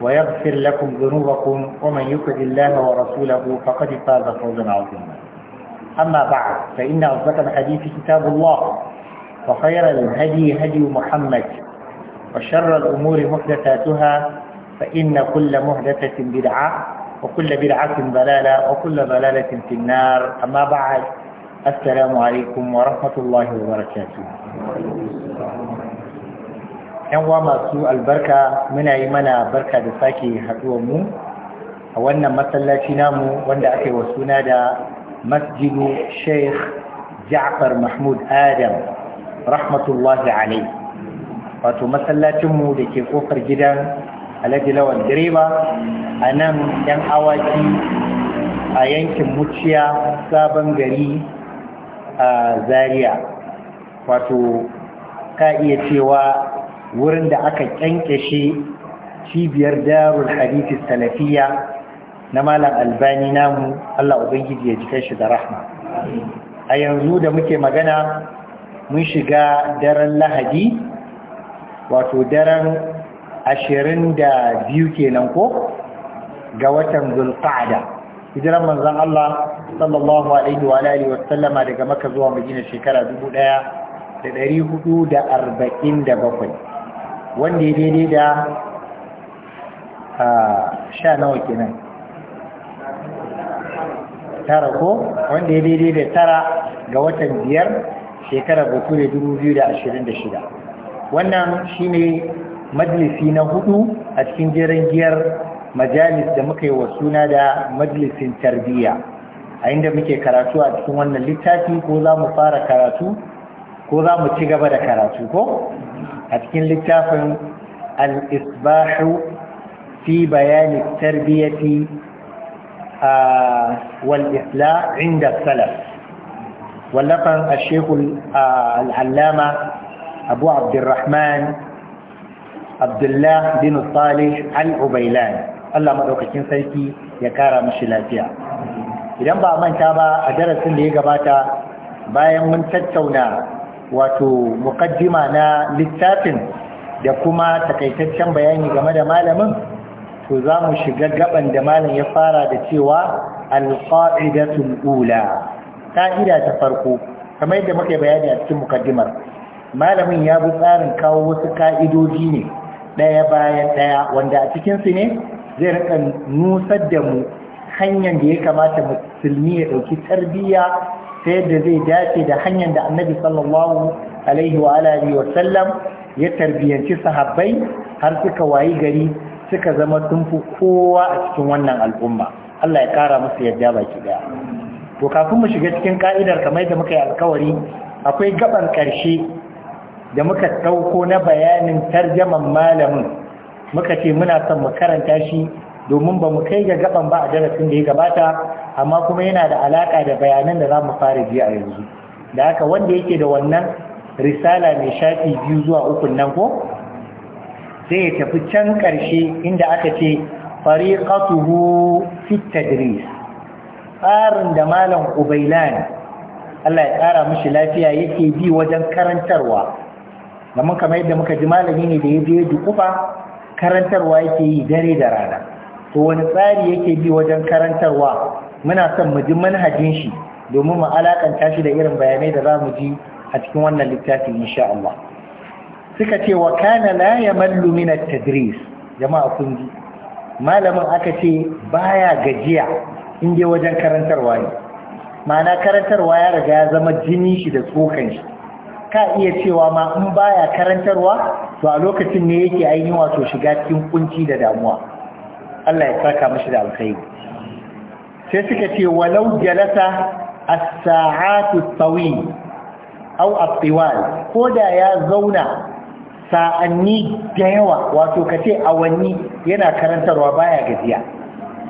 ويغفر لكم ذنوبكم ومن يطع الله ورسوله فقد فاز فوزا عظيما أما بعد فإن أصدق الحديث كتاب الله وخير الهدي هدي محمد وشر الأمور محدثاتها فإن كل محدثة بدعة وكل بدعة ضلالة وكل ضلالة في النار أما بعد السلام عليكم ورحمة الله وبركاته yan wa masu albarka muna yi mana barka da sake haduwar mu a wannan masallaci namu wanda aka yi wa suna da masjidu sheikh ja'far mahmud adam rahmatullahi alai wato masallacinmu da ke kofar gidan alhaji Lawal direba a nan yan awaki a yankin muciya sabon gari a zaria wato ka iya cewa wurin da aka kyankyashe cibiyar darul hadithi salafiya na malam albani namu Allah ubangiji ya jikan shi da rahma a yanzu da muke magana mun shiga daren lahadi wato daren ashirin da biyu kenan ko ga watan zulqa'da hijiran manzon Allah sallallahu alaihi wa alihi wa sallama daga maka zuwa majina shekara dubu ɗaya da ɗari hudu da arba'in da bakwai. wanda ya daidai da ah, sha nawa kenan tara ko wanda ya daidai da tara ga watan biyar shekarar bature 2026 wannan shi ne majalisi na hudu a cikin jerin giyar majalis da muka yi wa suna da majalisin tarbiyya a inda muke karatu a cikin wannan littafi ko za mu fara karatu ko za mu ci gaba da karatu ko a cikin littafin al-isbahu fi bayani tarbiyyati wal isla inda salaf wallafan ashekul al'allama abu abdurrahman abdullah bin salih al-ubailan Allah maɗaukakin sarki ya kara mashi lafiya idan ba manta ba a darasin da ya gabata bayan mun tattauna wato mukaddima na littafin da kuma takaitaccen bayani game da malamin to za mu shiga gaban da malam ya fara da cewa alqa'idatul ula Ta'ida ta farko kamar yadda muka bayani a cikin mukaddimar malamin ya bi tsarin kawo wasu ka'idoji ne ɗaya bayan ɗaya wanda a cikinsu ne zai rika nusar da mu hanyar da ya kamata musulmi ya ɗauki tarbiyya ta yadda zai dace da hanyar da annabi sallallahu alaihi wa alihi wa sallam ya tarbiyanci sahabbai har suka wayi gari suka zama tun kowa a cikin wannan al'umma Allah ya kara musu yadda baki daya to kafin mu shiga cikin ka'idar kamar da muka yi alkawari akwai gaban ƙarshe da muka dauko na bayanin tarjaman malamin muka ce muna son mu karanta shi domin ba mu kai ga gaban ba a darasin da ya gabata amma kuma yana da alaƙa da bayanan da za mu fara ji a yanzu da haka wanda yake da wannan risala mai shafi biyu zuwa uku nan ko sai ya tafi can ƙarshe inda aka ce fariqatuhu fit tadris tsarin da malam ubailan Allah ya ƙara mashi lafiya yake bi wajen karantarwa domin kamar yadda muka ji malami ne da ya je dukufa karantarwa yake yi dare da rana to wani tsari yake bi wajen karantarwa muna son mu ji manhajin shi domin mu alakanta shi da irin bayanai da za mu ji a cikin wannan littafin insha Allah suka ce wa kana la yamallu min at-tadris jama'a kun ji malamin aka ce baya gajiya in je wajen karantarwa ne ma'ana karantarwa ya riga ya zama jini shi da tsokan shi ka iya cewa ma in baya karantarwa to a lokacin ne yake ainihin wato shiga cikin kunci da damuwa Allah ya saka mashi da alkhairi sai suka ce walau jalasa as-sa'atu tawil aw at-tiwal ko da ya zauna sa'anni da yawa wato kace awanni yana karantarwa baya gajiya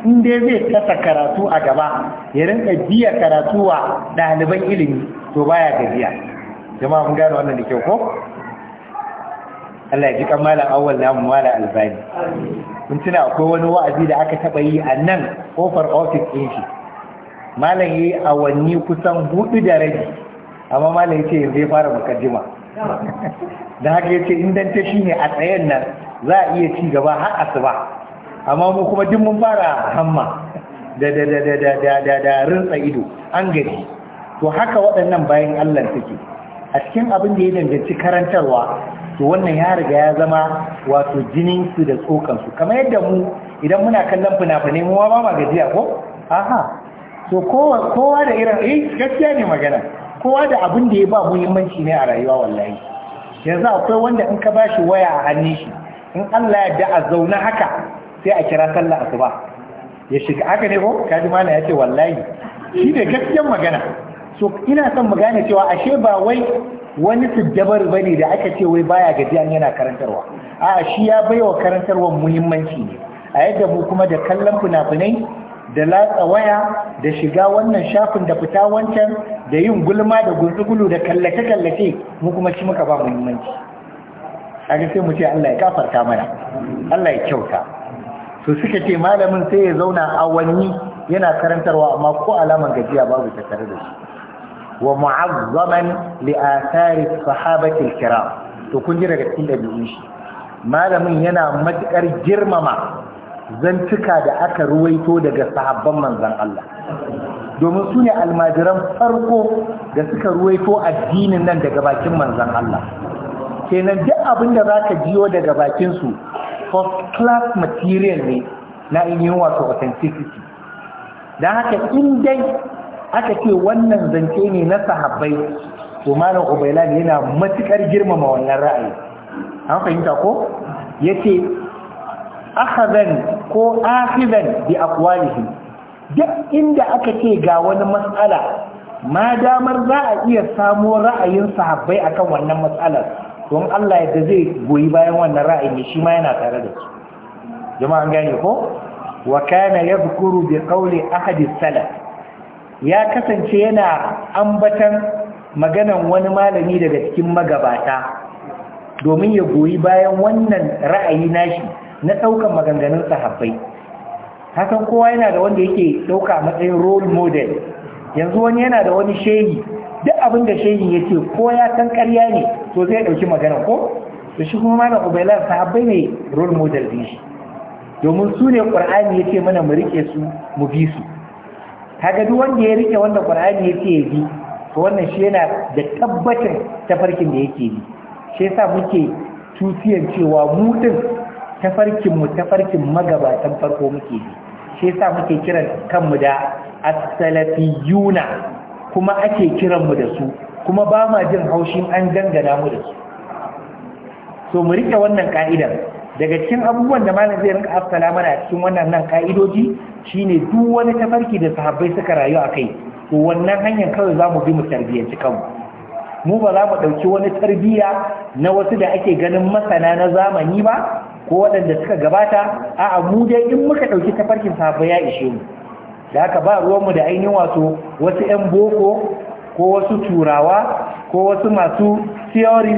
in dai zai tasa karatu a gaba ya rinka biya karatu wa ɗaliban ilimi to baya gajiya jama'a mun gano wannan da kyau ko Allah ya ji kan malam awwal mu malam albani kun tuna akwai wani wa'azi da aka taba yi a nan kofar ofis din shi malam yi awanni kusan hudu da rabi amma malam ce yanzu ya fara mukaddima da haka yace in dan ta shine a tsayen nan za a iya ci gaba har asuba amma mu kuma duk mun fara hamma da da da da da da da rinsa ido an gaji to haka waɗannan bayan Allah suke a cikin abin da ya danganci karantarwa to wannan ya riga ya zama wato jinin su da tsokan su kamar yadda mu idan muna kallon fina-finai mu ba ma gajiya ko aha to kowa kowa da irin eh gaskiya ne magana kowa da abin da ya ba muhimmanci ne a rayuwa wallahi yanzu akwai wanda in ka bashi waya a hannun shi in Allah ya da a zauna haka sai a kira sallah asuba ya shiga haka ne ko kaji mana ya ce wallahi shi da gaskiyar magana so ina son mu gane cewa ashe ba wai wani tujjabar bane da aka ce wai baya gajiyan yana karantarwa a'a shi ya baiwa karantarwar muhimmanci ne a yadda mu kuma da kallon funafunai da latsa waya da shiga wannan shafin da fita wancan da yin gulma da gunzugulu da kallace-kallace mu kuma shi muka ba muhimmanci A ga sai mu ce Allah ya kafarta mana Allah ya kyauta su suka ce malamin sai ya zauna awanni yana karantarwa amma ko alaman gajiya babu ta tare da shi wa mu'azzaman li athari sahabati kiram to kun ji daga cikin dabi'un shi malamin yana matukar girmama zantuka da aka ruwaito daga sahabban manzon Allah domin sune ne almajiran farko da suka ruwaito addinin nan daga bakin manzon Allah kenan duk abin da zaka jiyo daga bakin su first class material ne na ainihin wato authenticity don haka in dai aka ce wannan zance ne na sahabbai to malam ubailan yana matukar girmama wannan ra'ayi an fahimta ko yace akhazan ko akhizan bi aqwalihi duk inda aka ce ga wani matsala ma damar za a iya samo ra'ayin sahabbai akan wannan matsalar don Allah yadda zai goyi bayan wannan ra'ayin shi ma yana tare da su jama'an gane ko wa kana yadhkuru bi qawli ahadi salaf ya kasance yana ambatan maganan wani malami daga cikin magabata domin ya goyi bayan wannan ra'ayi nashi na ɗaukan maganganun sahabbai hakan kowa yana da wanda yake ɗauka matsayin role model yanzu wani yana da wani shehi duk abin da shehi ya ce ko ya san ƙarya ne to zai ɗauki magana ko to shi kuma malam ubailan sahabbai ne role model din shi domin su ne ƙur'ani ya ce mana mu rike su mu bi su kaga duk wanda ya rike wanda qur'ani yake bi to wannan shi yana da tabbacin tafarkin da yake bi shi yasa muke tusiyan cewa mu din tafarkin mu tafarkin magabatan farko muke bi shi yasa muke kiran kanmu da as-salafiyuna kuma ake kiran mu da su kuma ba ma jin haushin an dangana mu da su so mu rike wannan ka'idan daga cikin abubuwan da malam zai rinka afsala mana cikin wannan nan ka'idoji shine duk wani tafarki da sahabbai suka rayu a kai to wannan hanyar kawai za mu bi mu tarbiyyanci kanmu mu ba za mu ɗauki wani tarbiyya na wasu da ake ganin masana na zamani ba ko waɗanda suka gabata a'a mu dai in muka ɗauki tafarkin sahabbai ya ishe mu da haka ba ruwanmu da ainihin wato wasu 'yan boko ko wasu turawa ko wasu masu theory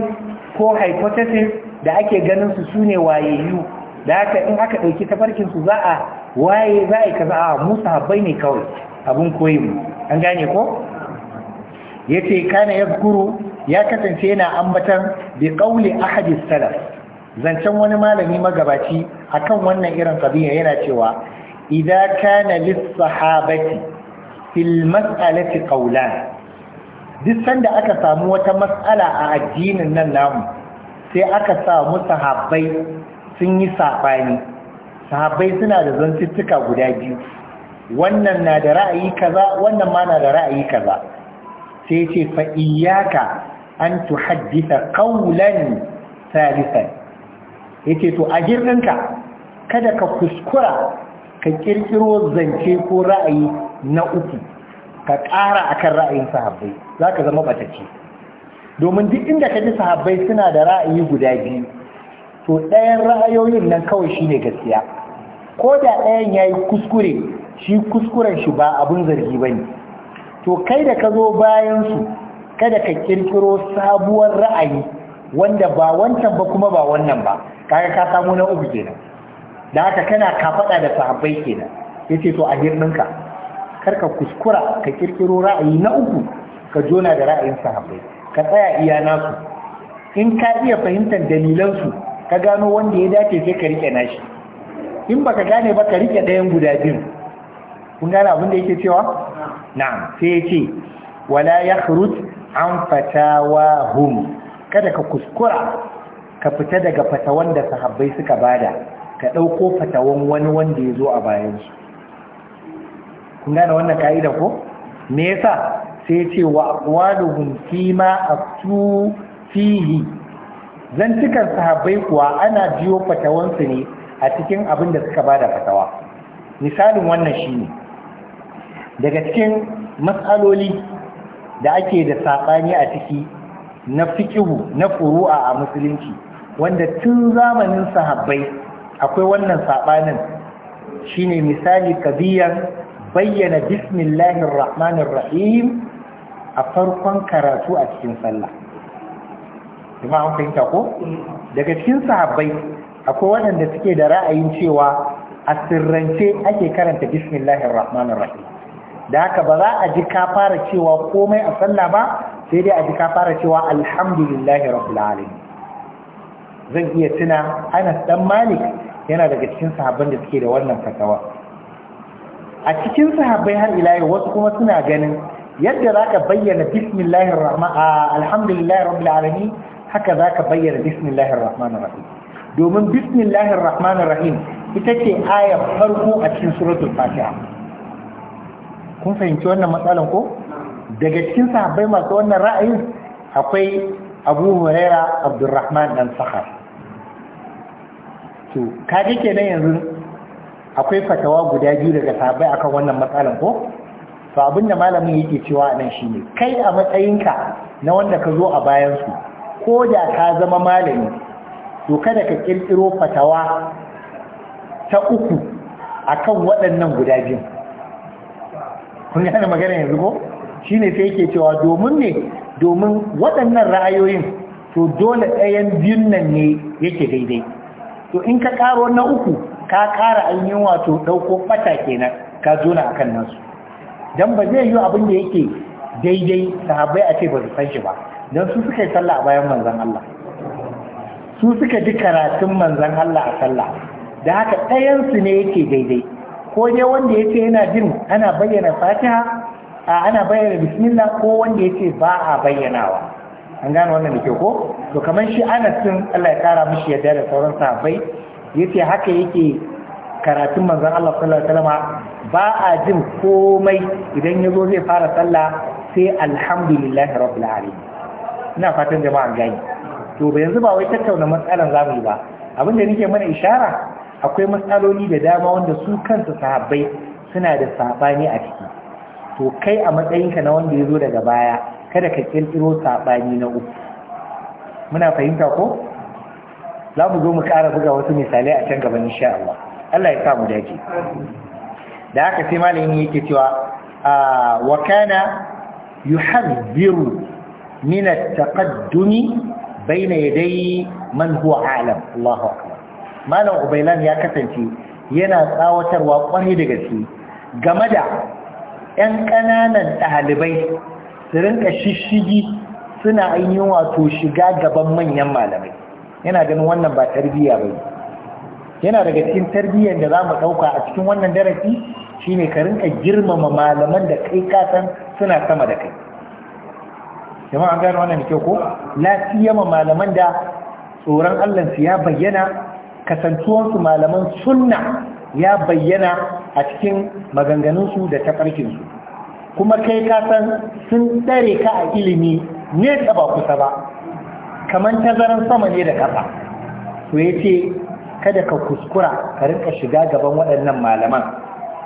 ko hypothesis da ake ganin su sune wayayyu da haka in aka ɗauki tafarkin su za a waye za a yi kaza a musa habbai ne kawai abin koyi mu an gane ko yace kana yazkuru ya kasance yana ambatan bi qawli ahadis salaf zancen wani malami magabaci akan wannan irin qadiya yana cewa idza kana lis sahabati fil mas'alati qawlan duk sanda aka samu wata mas'ala a addinin nan namu sai aka samu sahabbai sun yi saɓani sahabbai suna da zantuttuka guda biyu wannan na da ra'ayi kaza wannan ma na da ra'ayi kaza sai ce fa iyyaka an tuhaddisa qawlan salisan yace to a girninka kada ka kuskura ka kirkiro zance ko ra'ayi na uku ka ƙara akan ra'ayin sahabbai zaka zama batacce domin duk inda ka ji sahabbai suna da ra'ayi guda biyu to ɗayan ra'ayoyin nan kawai shine gaskiya ko da ɗayan ya yi kuskure shi kuskuren shi ba abin zargi ba ne to kai da ka zo su kada ka kirkiro sabuwar ra'ayi wanda ba wancan ba kuma ba wannan ba kaga ka samu na uku kenan da haka kana kafaɗa da sahabbai kenan yace to a hirninka karka kuskura ka kirkiro ra'ayi na uku ka jona da ra'ayin sahabbai ka tsaya iya nasu in ka iya fahimtar dalilansu ka gano wanda ya dace sai ka rike nashi in baka gane ba ka rike ɗayan guda biyu kun gane abin da yake cewa na'am sai ya ce wala yakhruj an fatawahum kada ka kuskura ka fita daga fatawan da sahabbai suka bada ka ɗauko fatawan wani wanda ya zo a bayansu kun gane wannan ka'ida ko me yasa sai ya ce wa aqwaluhum ma aftu fihi zantukan sahabbai kuwa ana jiyo fatawansu ne a cikin abin da suka bada fatawa misalin wannan shine daga cikin matsaloli da ake da saɓani a ciki na fikihu na furu'a a musulunci wanda tun zamanin sahabbai akwai wannan saɓanin shine misali kabiyar bayyana bismillahir rahmanir rahim a farkon karatu a cikin sallah kuma an fahimta ko daga cikin sahabbai akwai waɗanda suke da ra'ayin cewa a sirrance ake karanta bismillahir rahmanir rahim da haka ba za a ji ka fara cewa komai a sallah ba sai dai a ji ka fara cewa alhamdulillahi rabbil alamin zan iya tuna Anas dan Malik yana daga cikin sahabban da suke da wannan fatawa a cikin sahabbai har ila yau wasu kuma suna ganin yadda za ka bayyana bismillahir rahman alhamdulillahi rabbil alamin haka za ka bayyana bismillahir rahmanir rahim domin bismillahir rahmanir rahim ita ce aya farko a cikin suratul fatiha kun fahimci wannan matsalan ko daga cikin sahabbai masu wannan ra'ayin akwai abu huraira abdurrahman dan sahar to kaje kenan yanzu akwai fatawa guda biyu daga sahabbai akan wannan matsalan ko abin da malamin yake cewa nan shi ne, kai a matsayinka na wanda ka zo a bayansu, ko da ka zama malami to kada ka kirkiro fatawa ta uku akan waɗannan guda kun gane magana yanzu ko shine sai yake cewa domin ne domin waɗannan ra'ayoyin to dole ɗayan biyun nan ne yake daidai to in ka ƙaro na uku ka ƙara ainihin wato ɗauko fata kenan ka zo na akan nasu Don ba zai yi abin da yake daidai sahabbai a ce ba su san shi ba dan su suka yi sallah a bayan manzon Allah su suka ji karatun manzon Allah a sallah da haka ɗayansu ne yake daidai ko dai wanda yace yana jin ana bayyana Fatiha a ana bayyana bismillah ko wanda yace ba a bayyanawa an gane wannan da ko to kamar shi Anas sun Allah ya kara mishi yadda da sauran sahabbai yace haka yake karatun manzon Allah sallallahu alaihi ba a jin komai idan ya zo zai fara sallah sai alhamdulillahi rabbil alamin ina fatan jama'a gani to ba yanzu ba wai tattauna matsalan zamu yi ba abin da nake mana ishara akwai matsaloli da dama wanda su kansu sahabbai suna da sabani a ciki to kai a matsayinka na wanda ya zo daga baya kada ka kirkiro sabani na uku muna fahimta ko za mu zo mu ƙara buga wasu misalai a can gaban insha Allah Allah ya sa mu dace da haka sai malamin yake cewa ah, wa kana yuhadhiru min at-taqaddumi bayna yaday man huwa a'lam Allahu akbar malam Ubailan ya kasance yana tsawatarwa kwarai daga gaske game da 'yan ƙananan ɗalibai su rinka shishigi suna ainihin wato shiga gaban manyan malamai yana ganin wannan ba tarbiyya ba yana daga cikin tarbiyyar da za mu ɗauka a cikin wannan darasi shine ka rinka girmama malaman da kai kasan suna sama da kai jama'a an gano wannan da kyau ko lafiyama malaman da tsoron Allah su ya bayyana kasantuwansu malaman sunna ya bayyana a cikin maganganunsu da tafarkinsu kuma kai kasan sun tsare ka a ilimi ne ba kusa ba kamar tazaran sama ne da ƙasa to ya ce kada ka kuskura ka rinka shiga gaban waɗannan malaman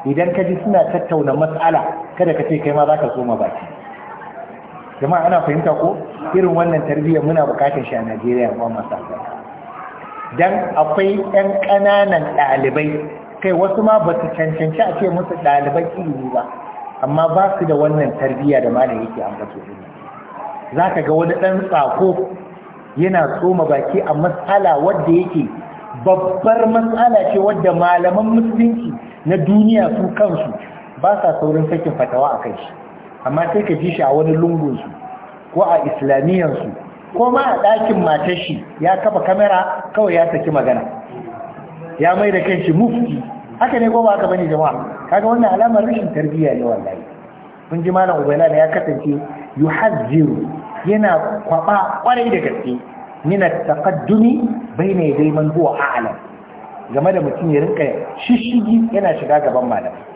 idan ka ji suna tattauna matsala kada ka ce kai ma za ka tsoma baki jama'a ana fahimta ko irin wannan tarbiyyar muna bukatar shi a najeriya ba masu dan akwai 'yan ƙananan ɗalibai kai wasu ma ba su cancanci a ce musu ɗalibai ilimi ba amma ba su da wannan tarbiyya da malam yake ambato ilimi za ka ga wani ɗan tsako yana tsoma baki a matsala wanda yake babbar matsala ce wadda malaman musulunci na duniya su kansu ba sa saurin sakin fatawa a kai shi amma sai ka ji shi a wani lungunsu ko a islamiyyarsu ko ma a ɗakin matar shi ya kafa kamera kawai ya saki magana ya mai da kanshi mufti haka ne ko ba haka bane jama'a kaga wannan alamar rashin tarbiyya ne wallahi kun ji malam ubaila ya kasance yuhazziru yana kwaba kwarai da gaske min at-taqaddumi bayna yaday man huwa a'lam game da mutum ya rinka shishigi yana shiga gaban malamai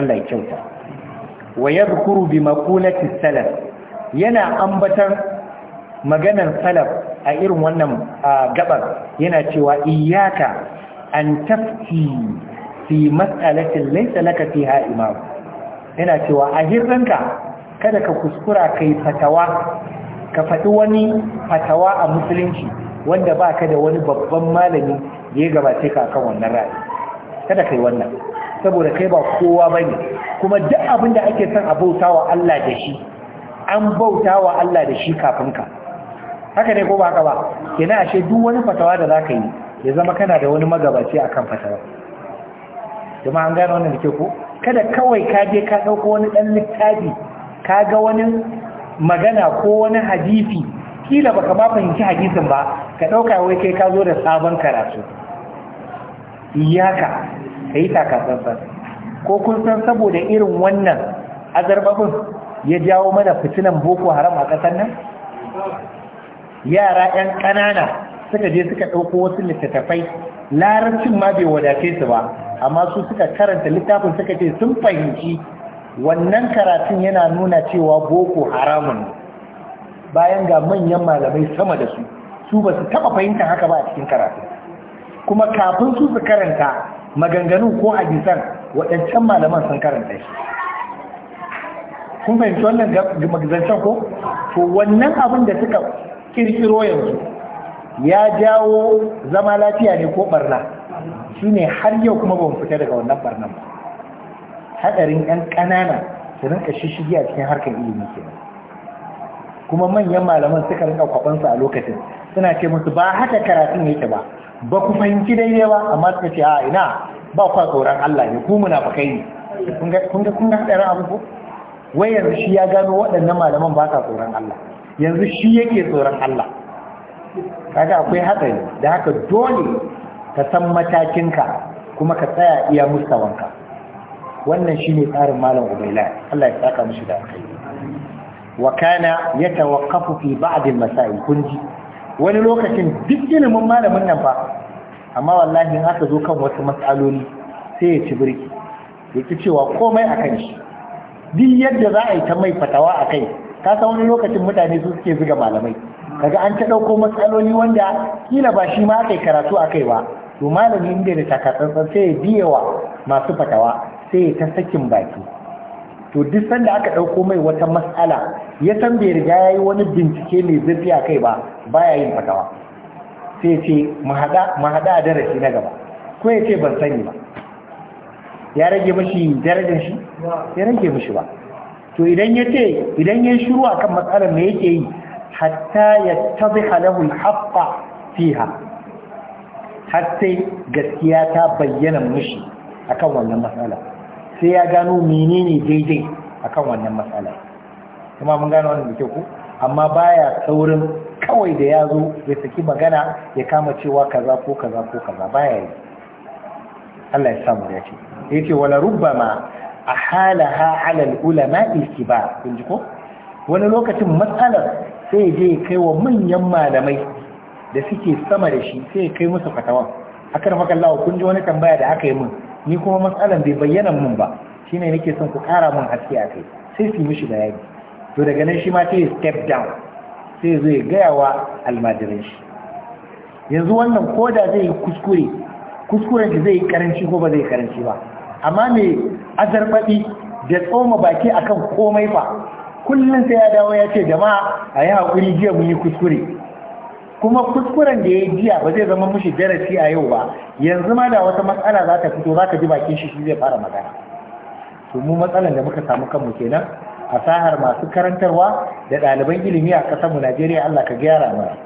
Allah ya kyauta wa yadhkuru bi maqulati salaf yana ambatan maganar salaf a irin wannan gabar yana cewa iyyaka an tafti fi mas'alatin laysa laka fiha imam yana cewa a hirranka kada ka kuskura kai fatawa ka faɗi wani fatawa a musulunci wanda ba ka da wani babban malami da ya gabace ka kan wannan ra'ayi kada kai wannan saboda kai ba kowa ba ne kuma duk abin da ake son a bauta wa Allah da shi an bauta wa Allah da shi kafin ka haka ne ko ba haka ba kenan ashe duk wani fatawa da za ka yi ya zama kana da wani magabaci akan fatawa kuma an gano wannan da ke ko kada kawai ka je ka ɗauko wani ɗan littafi ka ga wani magana ko wani hadisi kila baka ba fahimci hadisin ba ka ɗauka wai kai ka zo da sabon karatu iyaka ka yi takasansan ko kun san saboda irin wannan azarbabin ya jawo mana fitinan boko haram a ƙasar nan yara 'yan ƙanana suka je suka ɗauko wasu littattafai larabcin ma bai wadace su ba amma su suka karanta littafin suka ce sun fahimci wannan karatun yana nuna cewa boko haramun bayan ga manyan malamai sama da su su ba su taba fahimtar haka ba a cikin karatu kuma kafin su su karanta maganganun ko gisan waɗancan malaman sun karanta shi kun fahimci wannan magazancen ko to wannan abin da suka kirkiro yanzu ya jawo zama lafiya ne ko barna shine har yau kuma ba mu fita daga wannan barnan ba hadarin yan kanana su rinka shishigi a cikin harkar ilimi kenan kuma manyan malaman suka rinka kwabansu a lokacin suna ce musu ba haka karatun yake ba ba ku fahimci daidai ba amma suka ce a ina ba kwa tsoron Allah ne ku muna baka yi ne, kun ga hadarin abu ko wai yanzu shi ya gano waɗannan malaman ba sa tsoron Allah yanzu shi yake tsoron Allah kaga akwai hatsari da haka dole ka san matakin ka kuma ka tsaya iya mustawanka wannan shine tsarin malam ubaila Allah ya saka mishi da kai wa kana yatawaqqafu fi ba'd al-masail kunji wani lokacin duk ilimin malamin nan fa amma wallahi in aka zo kan wasu matsaloli sai ya ci birki ya ci cewa komai a kan shi duk yadda za a yi ta mai fatawa akai kai ka san wani lokacin mutane su suke zuga malamai kaga an ta ɗauko matsaloli wanda kila ba shi ma aka yi karatu akai ba to malami inda da takatsantsan sai ya biyewa masu fatawa sai ya ta sakin baki to duk sanda aka ɗauko mai wata matsala ya san bai riga ya yi wani bincike mai zafi a kai ba baya yin fatawa sai ya ce mahaɗa a darasi na gaba ko ya ce ban sani ba ya rage mashi darajar shi ya rage mashi ba to idan ya ce idan ya shiru akan matsalar mai yake yi hatta ya tabi halahul haƙƙa fiha har sai gaskiya ta bayyana mashi akan wannan matsalar sai ya gano menene daidai akan wannan matsala kuma mun gano wannan da ku amma baya saurin kawai da ya zo ya saki magana ya kama cewa kaza ko kaza ko kaza baya yi Allah ya samu ya ce ya ce wala rubbama a halaha alal ulama istiba kun ji ko wani lokacin matsalar sai ya je kai wa manyan malamai da suke sama da shi sai ya kai musu fatawa akan makallawa kun ji wani tambaya da aka yi mun ni kuma matsalan bai bayyana mun ba shine nake son ku ƙara mun haske a kai sai su mishi bayani to daga nan shi ma sai ya step down sai ya zo ya gaya wa almajirin shi yanzu wannan koda zai yi kuskure kuskuren shi zai yi karanci ko ba zai karanci ba amma mai azarbaɗi da tsoma baki akan komai fa kullum sai ya dawo ya ce jama'a a yi haƙuri jiya mun yi kuskure kuma kuskuren da ya yi jiya ba zai zama mushi darasi a yau ba yanzu ma da wata matsala za ta fito za ka ji bakin shi shi zai fara magana to mu matsalan da muka samu kanmu kenan a sahar masu karantarwa da ɗaliban ilimi a ƙasar mu Najeriya Allah ka gyara mana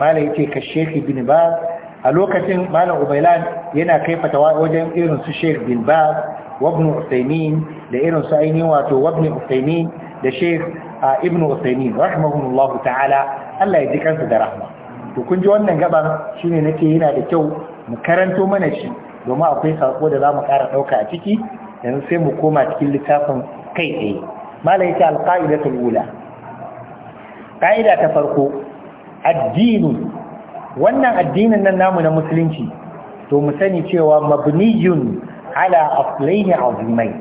malai yace ka Sheikh bin Baz a lokacin Malam Ubaylan yana kai fatawa wajen irin su Sheikh bin Baz wa Ibn da irin su ainihin wato Wabni Ibn Uthaymeen da Sheikh Ibn Uthaymeen rahimahullahu ta'ala Allah ya ji kansu da rahma to kun ji wannan gaban shine nake yana da kyau mu karanto mana shi domin akwai sako da za mu ƙara ɗauka a ciki yanzu sai mu koma cikin littafin kai tsaye mala ta alqaidatul ula qaida ta farko addini wannan addinin nan namu na musulunci to mu sani cewa mabniyun ala aslaini azumai.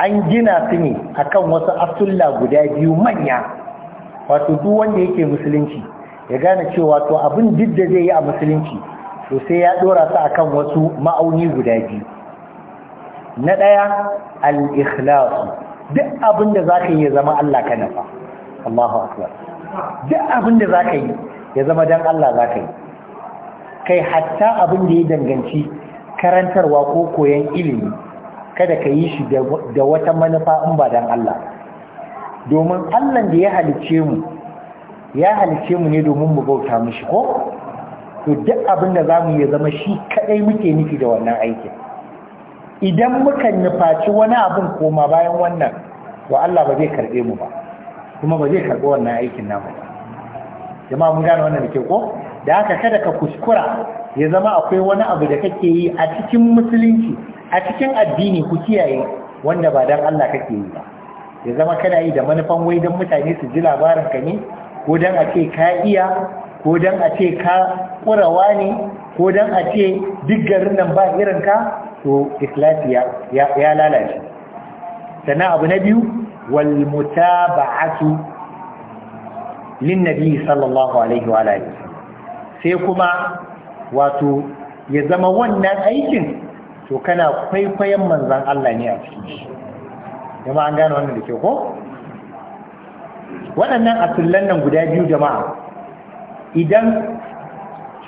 an gina su ne akan wasu asulla guda biyu manya wato duk wanda yake musulunci ya gane cewa to abin duk da zai yi a musulunci to sai ya dora su akan wasu ma'auni guda biyu na ɗaya al-ikhlas duk abin da zaka yi ya zama Allah ka nafa Allahu akbar duk abin da zaka yi ya zama dan Allah zaka yi kai hatta abin da ya danganci karantarwa ko koyon ilimi kada ka yi shi da wata manufa in ba dan Allah domin allan da ya halicce mu ya halicce mu ne domin mu bauta mishi ko to duk abin da zamu yi zama shi kadai muke nufi da wannan aikin idan muka nufaci wani abin koma bayan wannan to Allah ba zai karbe mu ba kuma ba zai karbi wannan aikin namu ba jama'a mun gane wannan dake ko da haka kada ka kuskura ya zama akwai wani abu da kake yi a cikin musulunci a cikin addini ku kiyaye wanda ba dan Allah kake yi ba ya zama kana yi da manufan wai don mutane su ji labarin ka ne ko don a ce ka iya ko don a ce ka ƙurawa ne ko don a ce duk garin nan ba irin ka to ikhlasi ya lalace sannan abu na biyu wal mutaba'atu lin nabi sallallahu alaihi wa alihi sai kuma wato ya zama wannan aikin to kana kwaikwayon manzon Allah ne a cikin shi jama'a an gane wannan da ke ko waɗannan asullan nan guda biyu jama'a idan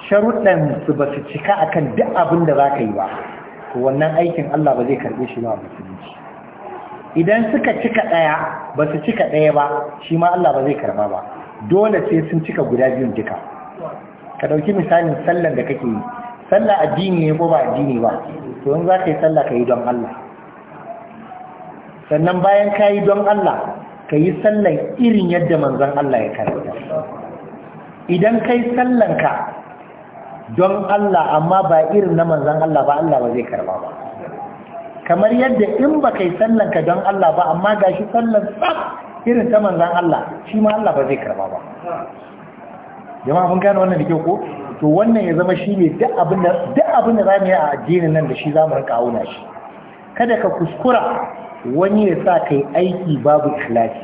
sharuɗan su ba su cika akan duk abin da za ka yi ba to wannan aikin Allah ba zai karɓe shi ba musulunci idan suka cika ɗaya ba su cika ɗaya ba shi ma Allah ba zai karɓa ba dole sai sun cika guda biyun duka ka ɗauki misalin sallan da kake yi sallah addini ne ko ba addini ba to in za ka yi sallah ka yi don Allah sannan bayan ka yi don Allah ka yi sallan irin yadda manzan Allah ya karanta idan ka yi sallanka don Allah amma ba irin na manzan Allah ba Allah ba zai karba ba kamar yadda in ba ka yi sallanka don Allah ba amma ga shi sallan tsaf irin ta manzan Allah shi ma Allah ba zai karba ba jama'a abin gane wannan da ke ko to wannan ya zama shi ne duk abin da za mu yi a addinin nan da shi za mu rinka auna shi kada ka kuskura wani ya sa kai aiki babu ikhlasi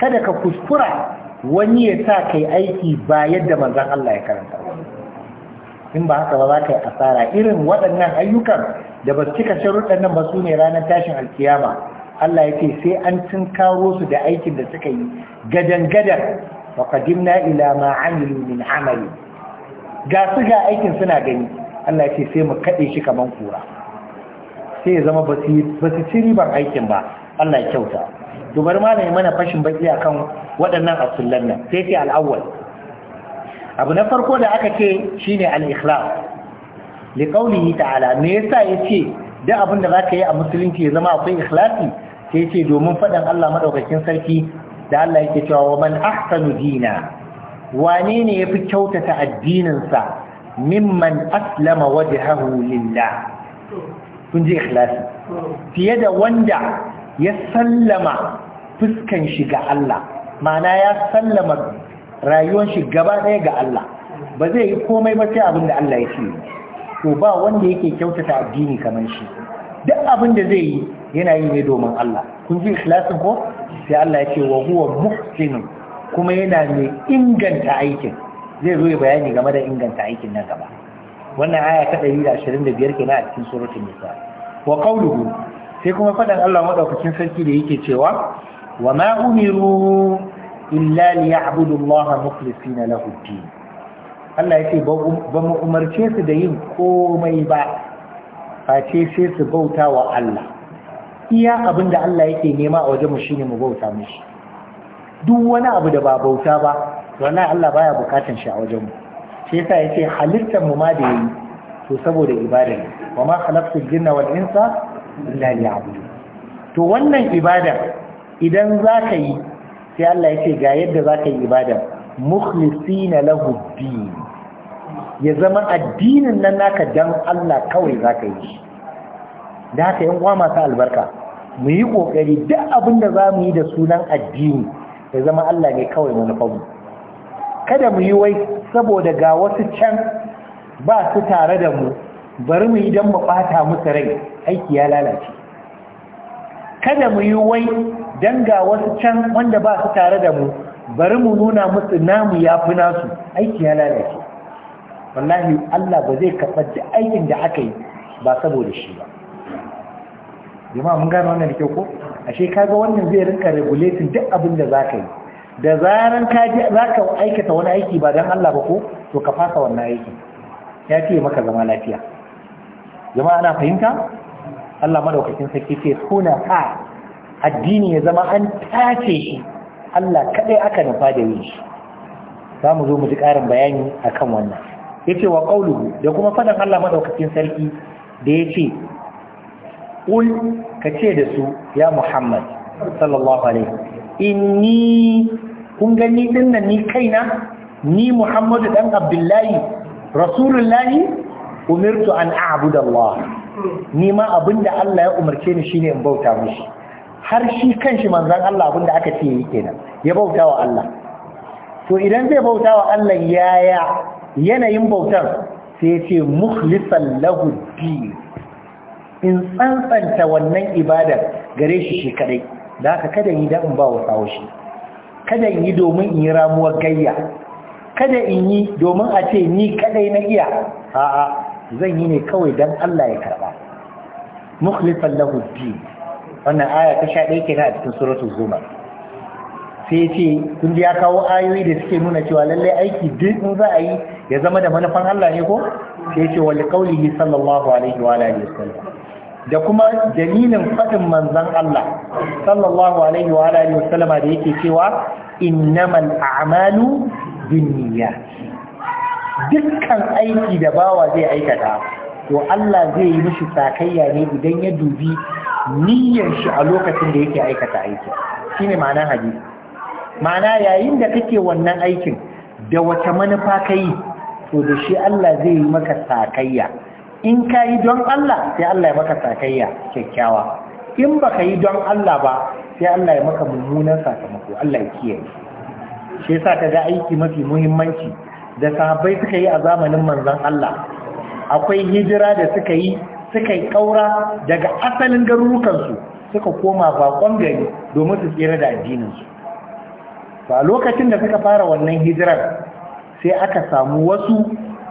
kada ka kuskura wani ya sa kai aiki ba yadda manzon Allah ya karanta in ba haka ba za ka yi asara irin waɗannan ayyukan da ba su cika sharuɗan nan ba su ne ranar tashin alkiyama Allah ya ce sai an kawo su da aikin da suka yi gadan gadan wa qadimna ila ma amilu min amali ga su ga aikin suna gani Allah ya ce sai mu kaɗe shi kaman kura sai ya zama ba su ci ribar aikin ba Allah ya kyauta dubar malami mana fashin baki akan waɗannan asullan nan sai ce al'awwal abu na farko da aka ce shine al-ikhlas li yi ta'ala me yasa ce, da abin da za ka yi a musulunci ya zama akwai ikhlasi sai ce domin faɗin Allah maɗaukakin sarki da Allah yake cewa wa man ahsanu dina wane ne ya fi kyautata addininsa? sa mimman aslama wajhahu lillah kun ji ikhlasi fiye da wanda ya sallama fuskan shi ga Allah ma'ana ya sallama rayuwar shi gaba ɗaya ga Allah ba zai yi komai ba sai abin da Allah ya ce to ba wanda yake kyautata addini kamar shi duk abin da zai yi yana yi ne domin Allah kun ji ikhlasin ko sai Allah ya ce wa huwa muhsin kuma yana mai inganta aikin zai zo ya bayani game da inganta aikin nan gaba wannan aya ta 125 kenan a cikin suratul nisa wa qawluhu sai kuma fadan Allah madaukakin sarki da yake cewa wa ma umiru illa liya'budu Allah mukhlisina lahu din Allah yake ba mu umarce su da yin komai ba face sai su bauta wa Allah iya abin da Allah yake nema a wajen mu shine mu bauta mishi duk wani abu da ba bauta ba wallahi Allah baya bukatan shi a wajen mu shi yasa yace halittar mu ma da yayi to saboda ibada wa ma khalaqtul jinna wal insa illa liya'budu to wannan ibada idan zaka yi sai Allah yace ga yadda zaka yi ibada mukhlisina lahu din ya zama addinin nan naka dan Allah kawai zaka yi da haka yan uwa masu albarka mu yi kokari duk abin da zamu yi da sunan addini ya zama Allah ne kawai manufarmu kada mu yi wai saboda ga wasu can ba su tare da mu bari mu yi don mu ɓata musu rai aiki ya lalace kada mu yi wai don ga wasu can wanda ba su tare da mu bari mu nuna musu namu ya fi nasu aiki ya lalace wallahi Allah ba zai kafar da aikin da aka yi ba saboda shi ba jama'a mun gano wannan da kyau ko ashe kaga wannan zai rinka regulating duk abin da za ka yi da zaran ka ji za ka aikata wani aiki ba don Allah ba ko to ka fasa wannan aiki ya ce maka zama lafiya jama'a ana fahimta Allah madaukakin sarki ce suna ha addini ya zama an tace shi Allah kadai aka nufa da yin shi za mu zo mu ji ƙarin bayani akan wannan ce wa qauluhu da kuma fadan Allah madaukakin sarki da yace ul ce da su ya Muhammad sallallahu alaihi inni kun gani din nan ni kaina ni Muhammadu dan Abdullahi Rasulullahi umirtu an a'budu Allah ni ma abinda Allah ya umarce ni shine in bauta mishi har shi kanshi manzon Allah abinda aka ce yi kenan ya bauta Allah to idan zai bauta wa Allah yaya yanayin bautar sai ya ce mukhlisan lahu in tsantsanta wannan ibadar gare shi shi kadai da aka kada yi da in ba wa kawo shi kada in yi domin in yi ramuwar gayya kada in yi domin a ce ni kadai na iya a'a zan yi ne kawai don Allah ya karba mukhlifan lahu din wannan aya ta 11 kenan a cikin suratul zumar sai ce kun ya kawo ayoyi da suke nuna cewa lalle aiki duk in za a yi ya zama da manufan Allah ne ko sai ce wal qaulihi sallallahu alaihi wa alihi wasallam da kuma dalilin faɗin manzan Allah sallallahu alaihi wa alihi wasallama da yake cewa innamal a'malu binniyat dukkan aiki da bawa zai aikata to Allah zai yi mishi sakayya ne idan ya dubi niyyar shi a lokacin da yake aikata aiki shine ma'ana hadisi ma'ana yayin da kake wannan aikin da wata manufa kai to da shi Allah zai yi maka takayya in ka yi don Allah sai Allah ya maka sakayya kyakkyawa in ba ka yi don Allah ba sai Allah ya maka mummunan sakamako Allah ya kiyaye shi yasa ka ga aiki mafi muhimmanci da sahabbai suka yi a zamanin manzon Allah akwai hijira da suka yi suka yi kaura daga asalin garurukansu suka koma bakon gari domin su tsira da addininsu ba lokacin da suka fara wannan hijirar sai aka samu wasu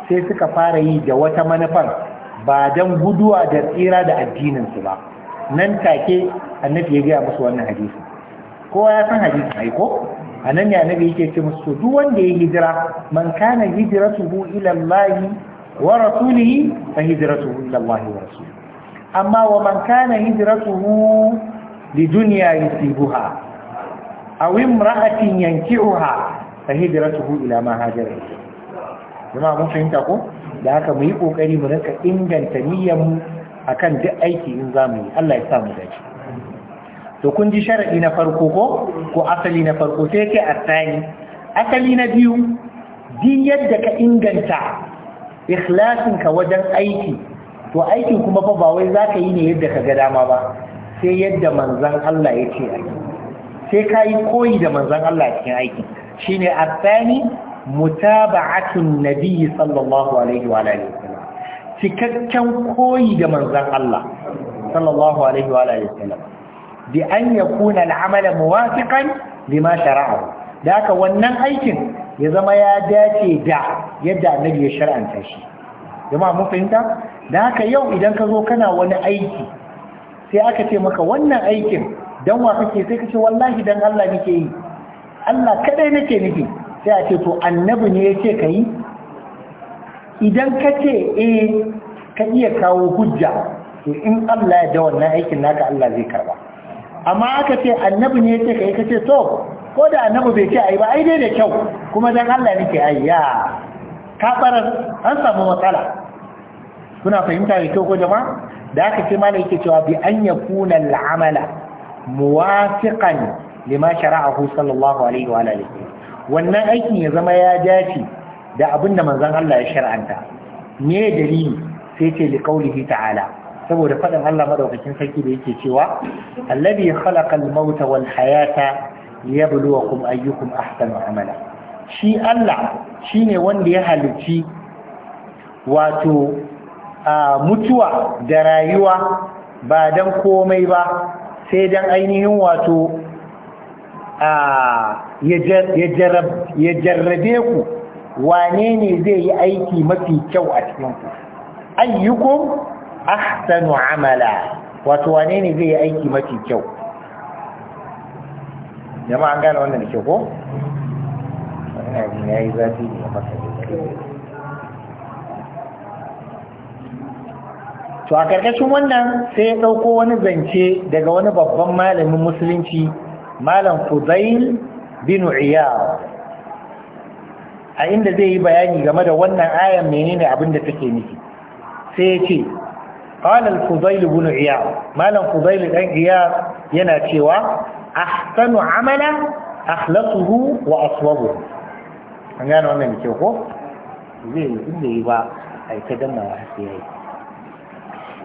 sai suka fara yi da wata manufar ba don guduwa da tsira da addininsu ba nan take annabi ya gaya musu wannan hadisi kowa ya san hadisi ai ko a nan ne annabi yake ce musu duk wanda ya hijira man kana hijratuhu ila Allah wa rasulihi fa hijratuhu ila Allah wa rasulihi amma wa man kana hijratuhu li dunya yusibuha aw imra'atin yanki'uha fa hijratuhu ila ma hajara jama'a mun fahimta ko da haka mu yi kokari mu rinka inganta niyyar mu akan duk aiki in zamu yi Allah ya sa mu dace to kun ji sharadi na farko ko ko asali na farko sai ke asali asali na biyu din yadda ka inganta ikhlasin ka wajen aiki to aikin kuma fa ba wai zaka yi ne yadda ka ga dama ba sai yadda manzon Allah ya ce sai ka koyi da manzon Allah cikin aiki shine asali mutaba'atun nabi sallallahu alaihi wa alihi wasallam cikakken koyi ga manzon Allah sallallahu alaihi wa alihi wasallam bi an yakuna al'amala muwafiqan lima shara'ahu da haka wannan aikin ya zama ya dace da yadda annabi ya shar'anta shi jama'a mun fahimta da haka yau idan ka zo kana wani aiki sai aka ce maka wannan aikin dan wa kake sai ka ce wallahi dan Allah nake yi Allah kadai nake nufi sai a ce to annabi ne ya ce ka yi idan ka ce eh ka iya kawo hujja to in Allah ya da wannan aikin naka Allah zai karba amma aka ce annabi ne ya ce ka yi ka ce to ko da annabi bai ce ayi ba ai dai da kyau kuma dan Allah nake ke ayya. ka farar an samu matsala kuna fahimta da kyau ko jama'a da aka ce mana yake cewa bi an yakuna al'amala muwafiqan lima shara'ahu sallallahu alaihi wa alihi wannan aikin ya zama ya dace da abin da manzon Allah ya shar'anta me dalili sai ce li qaulihi ta'ala saboda faɗin Allah madaukakin sarki da yake cewa alladhi al mauta wal hayata liyabluwakum ayyukum ahsanu amala shi Allah shine wanda ya halicci wato mutuwa da rayuwa ba dan komai ba sai dan ainihin wato ya jarrabe ku wane ne zai yi aiki mafi kyau a cikinku ayyukum ahsanu amala wato wane ne zai yi aiki mafi kyau jama'a an gane wannan da kyau ko? ina jin ya yi zafi ne maka to a karkashin wannan sai ya ɗauko wani zance daga wani babban malamin musulunci malam fudail bin iyad a inda zai yi bayani game da wannan ayan menene abin da take nufi sai ya ce qala al-fudail bin iyad malam fudail dan iyad yana cewa ahsanu amala akhlasuhu wa aswabuhu an gane wannan ke ko zai yi inda yi ba a ta don mawa hasi ya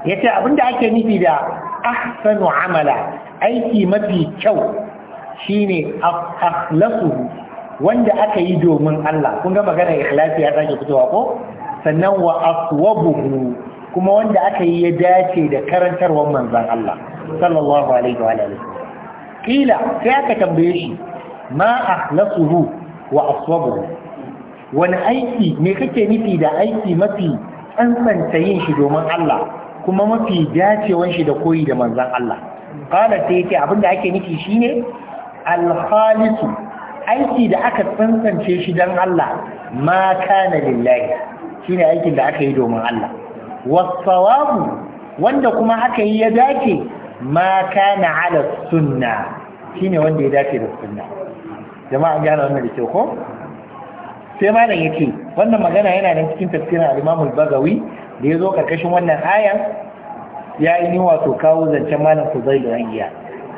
yi ya ce abinda ake nufi da ahsanu amala aiki mafi kyau Shi ne akhlasu wanda aka yi domin Allah kun ga magana ikhlasi ya sake fitowa ko sannan wa aswabuhu kuma wanda aka yi ya dace da karantarwar manzon Allah sallallahu alaihi wa alihi kila sai aka tambaye shi ma akhlasuhu wa aswabuhu wani aiki me kake nufi da aiki mafi tsantsanta yin shi domin Allah kuma mafi dacewan shi da koyi da manzon Allah qala sai yake abinda ake nufi shine alhalisu aiki da aka tsantsance shi don Allah ma kana lillahi shine aikin da aka yi domin Allah wasawabu wanda kuma aka yi ya dace ma kana ala sunna ne wanda ya dace da sunna jama'a an gane wannan da kyau ko sai malam ce wannan magana yana nan cikin tafsirin Alimamul imam da ya zo karkashin wannan ayan ya yi ni wato kawo zancen malam Fudayl da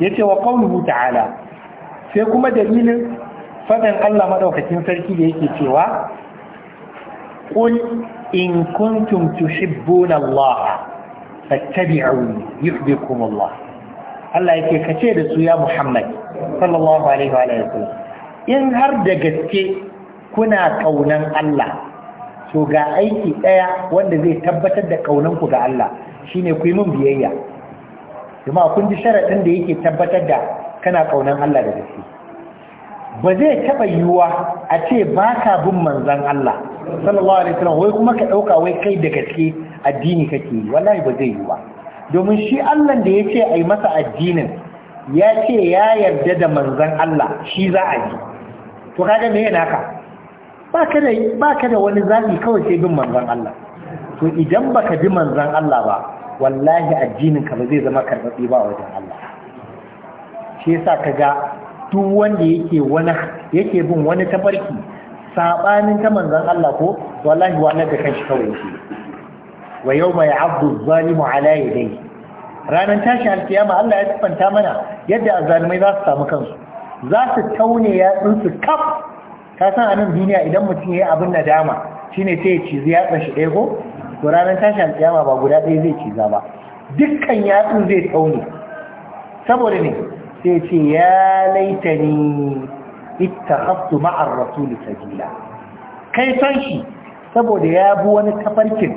Ya ce wa ta'ala sai kuma dalilin faɗin Allah maɗaukacin sarki da yake cewa qul in kuntum tuhibbuna Allah fattabi'uni yuhibbukum Allah Allah yake kace da su ya Muhammad sallallahu alaihi wa sallam in har da gaske kuna ƙaunan Allah to ga aiki ɗaya wanda zai tabbatar da ƙaunanku ga Allah shine ku yi min biyayya kuma kun ji sharaɗin da yake tabbatar da kana ƙaunar Allah da gaske ba zai taba yiwuwa a ce ba ka bin manzan Allah sallallahu alaihi wasallam wai kuma ka ɗauka wai kai da gaske addini kake yi wallahi ba zai yiwuwa domin shi Allah da ya ce ai masa addinin ya ce ya yarda da manzan Allah shi za a yi to kaga me yana ka ba ka da wani zabi kawai sai bin manzan Allah to idan baka bi manzan Allah ba wallahi addinin ka ba zai zama karbabi ba wajen Allah shi yasa ga duk wanda yake wani yake bin wani tafarki sabanin ta manzon Allah ko wallahi wannan da kanshi kawai shi wa yawma ya'abdu zalimu ala yadayhi ranar tashi alkiyama Allah ya tafanta mana yadda azalimai za su samu kansu za su taune yatsunsu kaf ka san a nan duniya idan mutum ya yi abin nadama shine sai ya ci yatsa shi ɗaya ko to ranar tashi alkiyama ba guda ɗaya zai ciza ba dukkan yatsun zai taune saboda ne sai ce ya laita ita haftu ma'ar rasuli Sajila. kai san shi saboda ya bi wani tafarkin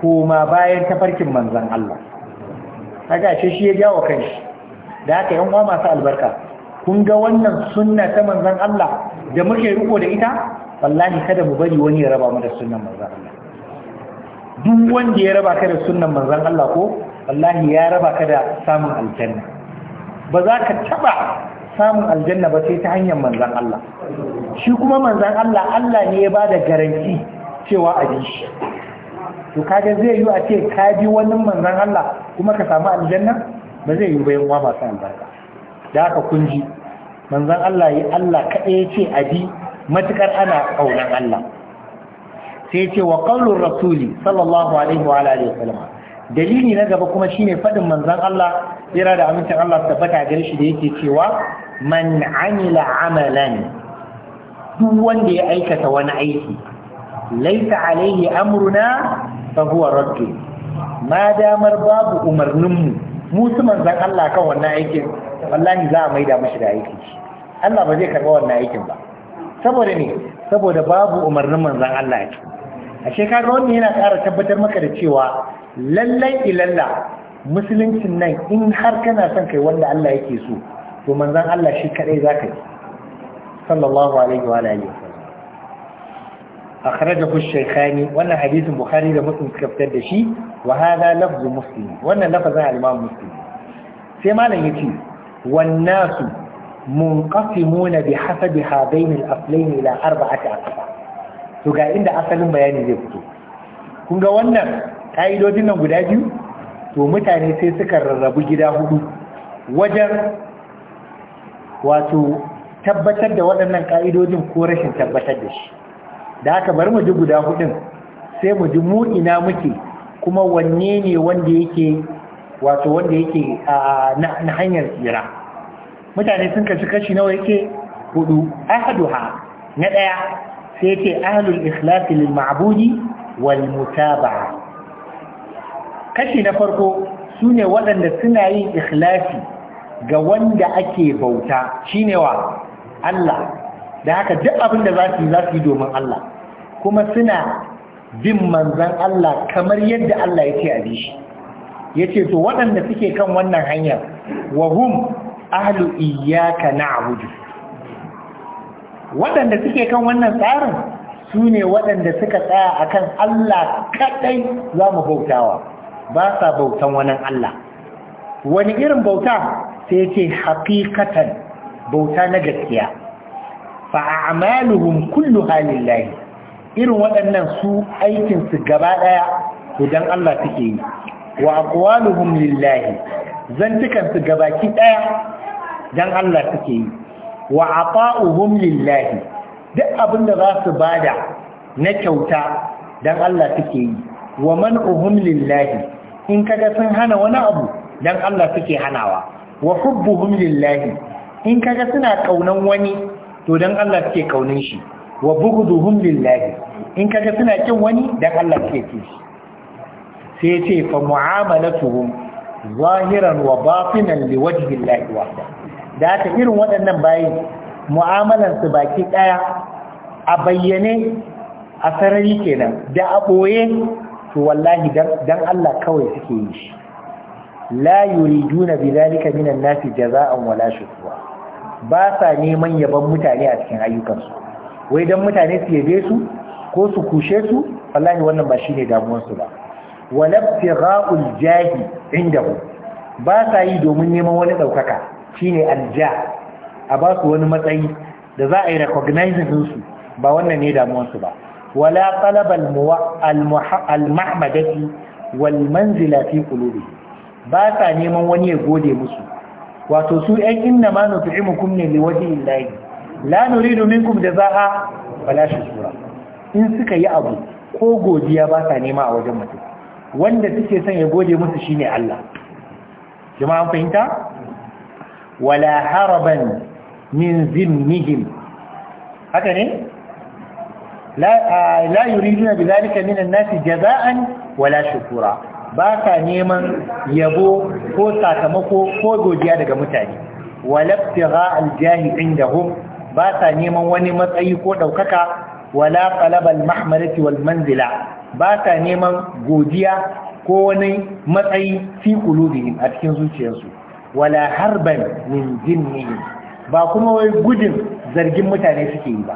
koma bayan tafarkin manzan Allah kaga ce shi ya jawo kanshi da aka yi unwa masu albarka kun ga wannan sunna ta manzan Allah da muke riko da ita wallahi kada mu bari wani ya raba mu da sunnan manzan Allah duk wanda ya raba ka da sunnan manzon Allah ko wallahi ya raba ka da samun aljanna ba za ka taɓa samun aljanna ba sai ta hanyar manzan Allah shi kuma manzan Allah Allah ne ya ba da garanti cewa a shi to kaga zai yi a ce ka bi wani manzan Allah kuma ka samu aljanna ba zai yi bayan wa masu albarka da haka kun ji manzan Allah ya Allah kaɗai ya ce a bi matuƙar ana ƙaunar Allah sai ce wa ƙaunar rasuli sallallahu alaihi wa alihi wa sallam dalili na gaba kuma shine faɗin manzan Allah tsira da amincin Allah ta baka gare shi da yake cewa man amila amalan duk wanda ya aikata wani aiki laita alaihi amruna fa huwa raddu ma damar babu umarninmu mu su manzan Allah kan wannan aikin wallahi za a maida mashi da aiki Allah ba zai karba wannan aikin ba saboda ne saboda babu umarnin manzan Allah a ciki a shekaru wannan yana ƙara tabbatar maka da cewa lallai ilalla musuluncin nan in har kana son kai wanda Allah yake so to manzon Allah shi kaɗai za ka yi sallallahu alaihi wa alihi da kushe kani, wannan hadisin bukhari da muslim suka fitar da shi wa hadha lafz muslim wannan lafazin al-imam muslim sai malam yace wan nasu munqasimuna bi hasabi hadain al-aslayn ila arba'ati aqsa to ga inda asalin bayani zai fito kun ga wannan ka'idodin nan guda biyu to mutane sai suka rarrabu gida hudu wajen wato tabbatar da waɗannan ƙa'idojin ko rashin tabbatar da shi da aka bar mu ji guda hudun sai mu ji mu'ina muke kuma wanne ne wanda yake wato wanda yake na hanyar tsira mutane sun kashi kashi nawa yake hudu ahaduha na ɗaya sai yake ahlul ikhlasi lil ma'budi wal mutaba'a kashi na farko su ne waɗanda suna yin ikhlasi ga wanda ake bauta shine wa Allah da haka duk abin da za su yi za su yi domin Allah kuma suna bin manzan Allah kamar yadda Allah ya ce a bi shi ya ce to waɗanda suke kan wannan hanyar wa hum ahlu iyyaka na'budu waɗanda suke kan wannan tsarin su ne waɗanda suka tsaya akan Allah kaɗai za mu bautawa ba sa bautan wani Allah wani irin bauta sai ce haƙiƙatan bauta na gaskiya Fa a amaluhun kullu layi irin waɗannan su aikinsu gaba ɗaya to Allah suke yi wa aqwaluhum lillahi zantukansu gabaki ɗaya don Allah suke yi wa ata'uhum lillahi duk abin da za su bada na kyauta don Allah suke yi wa man'uhum lillahi in kaga sun hana wani abu dan Allah suke hanawa wa hubbuhum lillahi in kaga suna kaunan wani to dan Allah suke kaunin shi wa bughduhum lillahi in kaga suna kin wani dan Allah suke kin shi sai yace fa mu'amalatuhum zahiran wa batinan liwajhi llahi wahda da ta irin waɗannan bayi mu'amalan su baki daya a bayyane a sarari kenan da a boye to wallahi dan Allah kawai suke yi shi la yuriduna bidhalika minan nasi jaza'an wala shukwa ba sa neman yaban mutane a cikin ayyukansu wai dan mutane su yabe su ko su kushe su wallahi wannan ba shine damuwar su ba tiraul jahi indahu ba sa yi domin neman wani daukaka shine alja a ba su wani matsayi da za a yi recognizing su ba wannan ne damuwar su ba wala talab al-mahmadati wal manzila fi qulubi ba ta neman wani ya gode musu wato su ɗan inna ma nut'imukum ne li wajhi llahi la nuridu minkum jazaa'a wala shukura in suka yi abu ko godiya ba ta nema a wajen mutum wanda suke son ya gode musu shine Allah jama'an fahimta wala haraban min zimmihim haka ne la yuriduna bidhalika minan nasi jaza'an wala shukura ba ka neman yabo ko sakamako ko godiya daga mutane wala tira aljahi indahum ba ka neman wani matsayi ko daukaka wala qalaba wal walmanzila ba ka neman godiya ko wani matsayi fi qulubihim a cikin zuciyarsu wala harban min jinnihim ba kuma wai gudun zargin mutane suke yi ba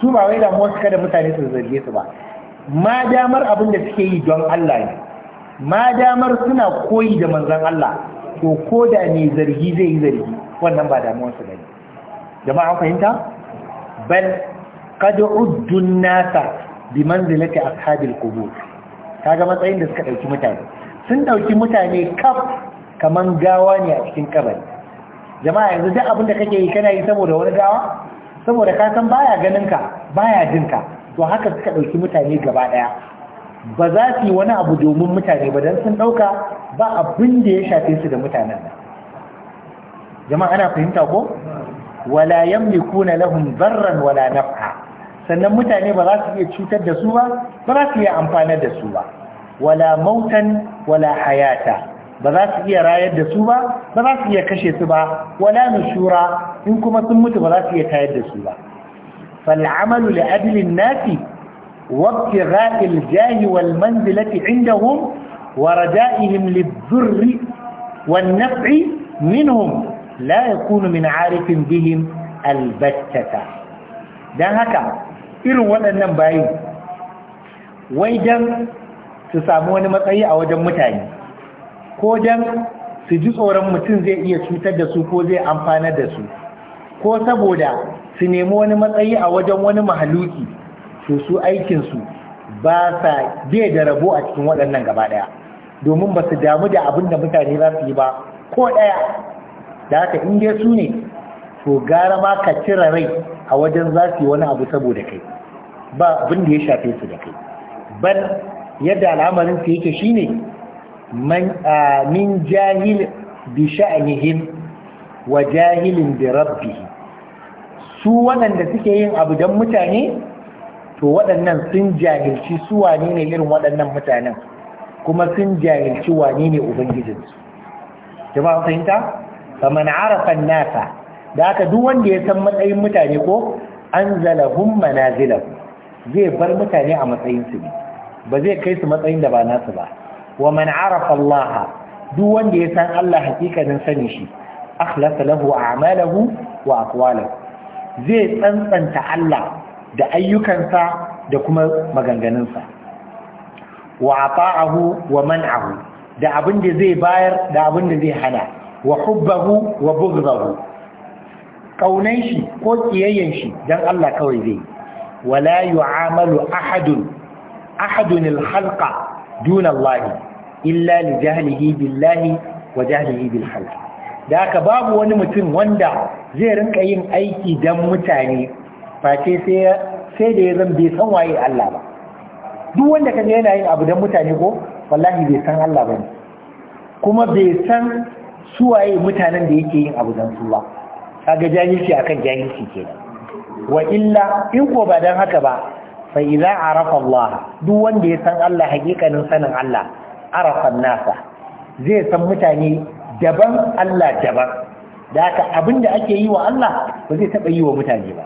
su ba wai damuwar su kada mutane su zarge su ba ma damar abin da suke yi don Allah ne ma damar suna koyi da manzon Allah to ko da ne zargi zai yi zargi wannan ba damuwar su bane jama'a fahimta bal qad uddu nasa bi manzilati ashabil qubur kaga matsayin da suka dauki mutane sun dauki mutane kaf kaman gawa ne a cikin kabari jama'a yanzu duk abin da kake yi kana yi saboda wani gawa saboda ka san baya ganin ka baya jin ka to haka suka ɗauki mutane gaba ɗaya ba za su yi wani abu domin mutane ba dan sun ɗauka ba abin da ya shafe su da mutanen nan jama'a ana fahimta ko wala yamlikuna lahum darran wala naf'a sannan mutane ba za su iya cutar da su ba ba za su iya amfanar da su ba wala mautan wala hayata ba za su iya rayar da su ba ba za su iya kashe su ba wala nushura in kuma sun mutu ba za su iya tayar da su ba fal amalu li adlin an-nasi wa ibtigha'i al-jahi wal manzilati 'indahum wa raja'ihim libirri, dhurri wan-naf'i minhum la yakunu min 'arifin bihim al dan haka irin waɗannan bayi wai dan su samu wani matsayi a wajen mutane ko dan su ji tsoron mutum zai iya cutar da su ko zai amfana da su ko saboda su nemi wani matsayi a wajen wani mahaluki to su aikinsu ba sa bai da rabo a cikin waɗannan gaba ɗaya domin ba su damu da abin da mutane za su yi ba ko ɗaya da haka in dai su ne to gara ma ka cire rai a wajen za su yi wani abu saboda kai ba abin da ya shafe su da kai ban yadda al'amarin su yake shine من jahil جاهل بشأنهم wa jahilin su waɗanda suke yin abu don mutane to waɗannan sun jahilci su wane ne irin waɗannan mutanen kuma sun jahilci wane ne ubangijinsu jama'a fahimta faman arafan nasa da aka duk wanda ya san matsayin mutane ko zalahun manazilahum zai bar mutane a matsayinsu su ne ba zai kai su matsayin da ba nasu ba wa man arafa Allah duk wanda ya san Allah hakikanin sani shi akhlasa lahu a'malahu wa aqwalahu zai tsantsanta Allah da ayyukansa da kuma maganganunsa wa ata'ahu wa man'ahu da abin da zai bayar da abin da zai hana wa hubbahu wa bughdahu kaunan shi ko kiyayyen shi dan Allah kawai zai wala yu'amalu ahadun ahadun al-khalqa illa li jahlihi billahi wa jahlihi bil khalq da haka babu wani mutum wanda zai rinka yin aiki dan mutane face sai sai da ya bai san waye Allah ba duk wanda kaje yana yin abu dan mutane ko wallahi bai san Allah bane kuma bai san su waye mutanen da yake yin abu dan su ba kaga jahilci akan jahilci kenan wa illa in ko ba dan haka ba fa idza arafa Allah duk wanda ya san Allah hakikanin sanin Allah arafan nasa zai san mutane daban Allah daban da haka abinda ake yi wa Allah ba zai taba yi wa mutane ba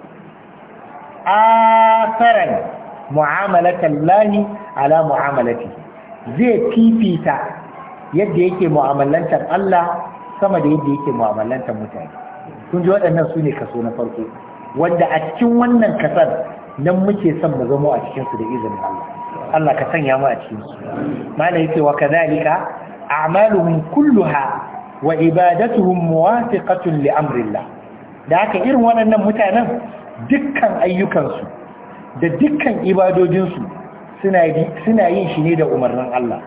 asaran mu'amalatan lahi ala mu'amalati zai fifita yadda yake mu'amalantar Allah sama da yadda yake mu'amalantar mutane kun ji waɗannan su ne kaso na farko wanda a cikin wannan kasar nan muke son mu zamo a cikinsu da izinin Allah Allah ka sanya mu a cikin su mala yake wa kadhalika a'maluhum kulluha wa ibadatuhum muwafiqatun li amrillah da haka irin waɗannan mutanen dukkan ayyukansu da dukkan ibadojinsu suna yin shi ne da umarnin Allah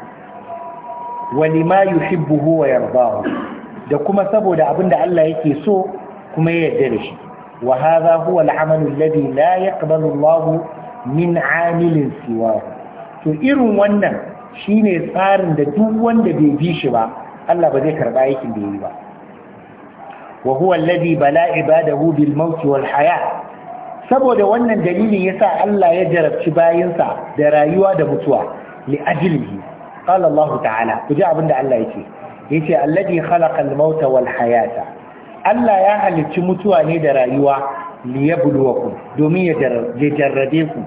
walima yuhibbuhu wa yardahu da kuma saboda abinda Allah yake so kuma ya yarda da shi wa hadha huwa al-amalu alladhi la yaqbalu Allahu min 'amilin siwahu to irin wannan shine tsarin da duk wanda bai bi shi ba Allah ba zai karba aikin da yi ba wa huwa alladhi bala ibadahu bil maut wal haya saboda wannan dalilin yasa Allah ya jarabci bayansa da rayuwa da mutuwa li ajlihi qala Allah ta'ala kuje abinda Allah yake yace alladhi khalaqa al maut wal hayata Allah ya halicci mutuwa ne da rayuwa liyabluwakum domin ya jarrabe ku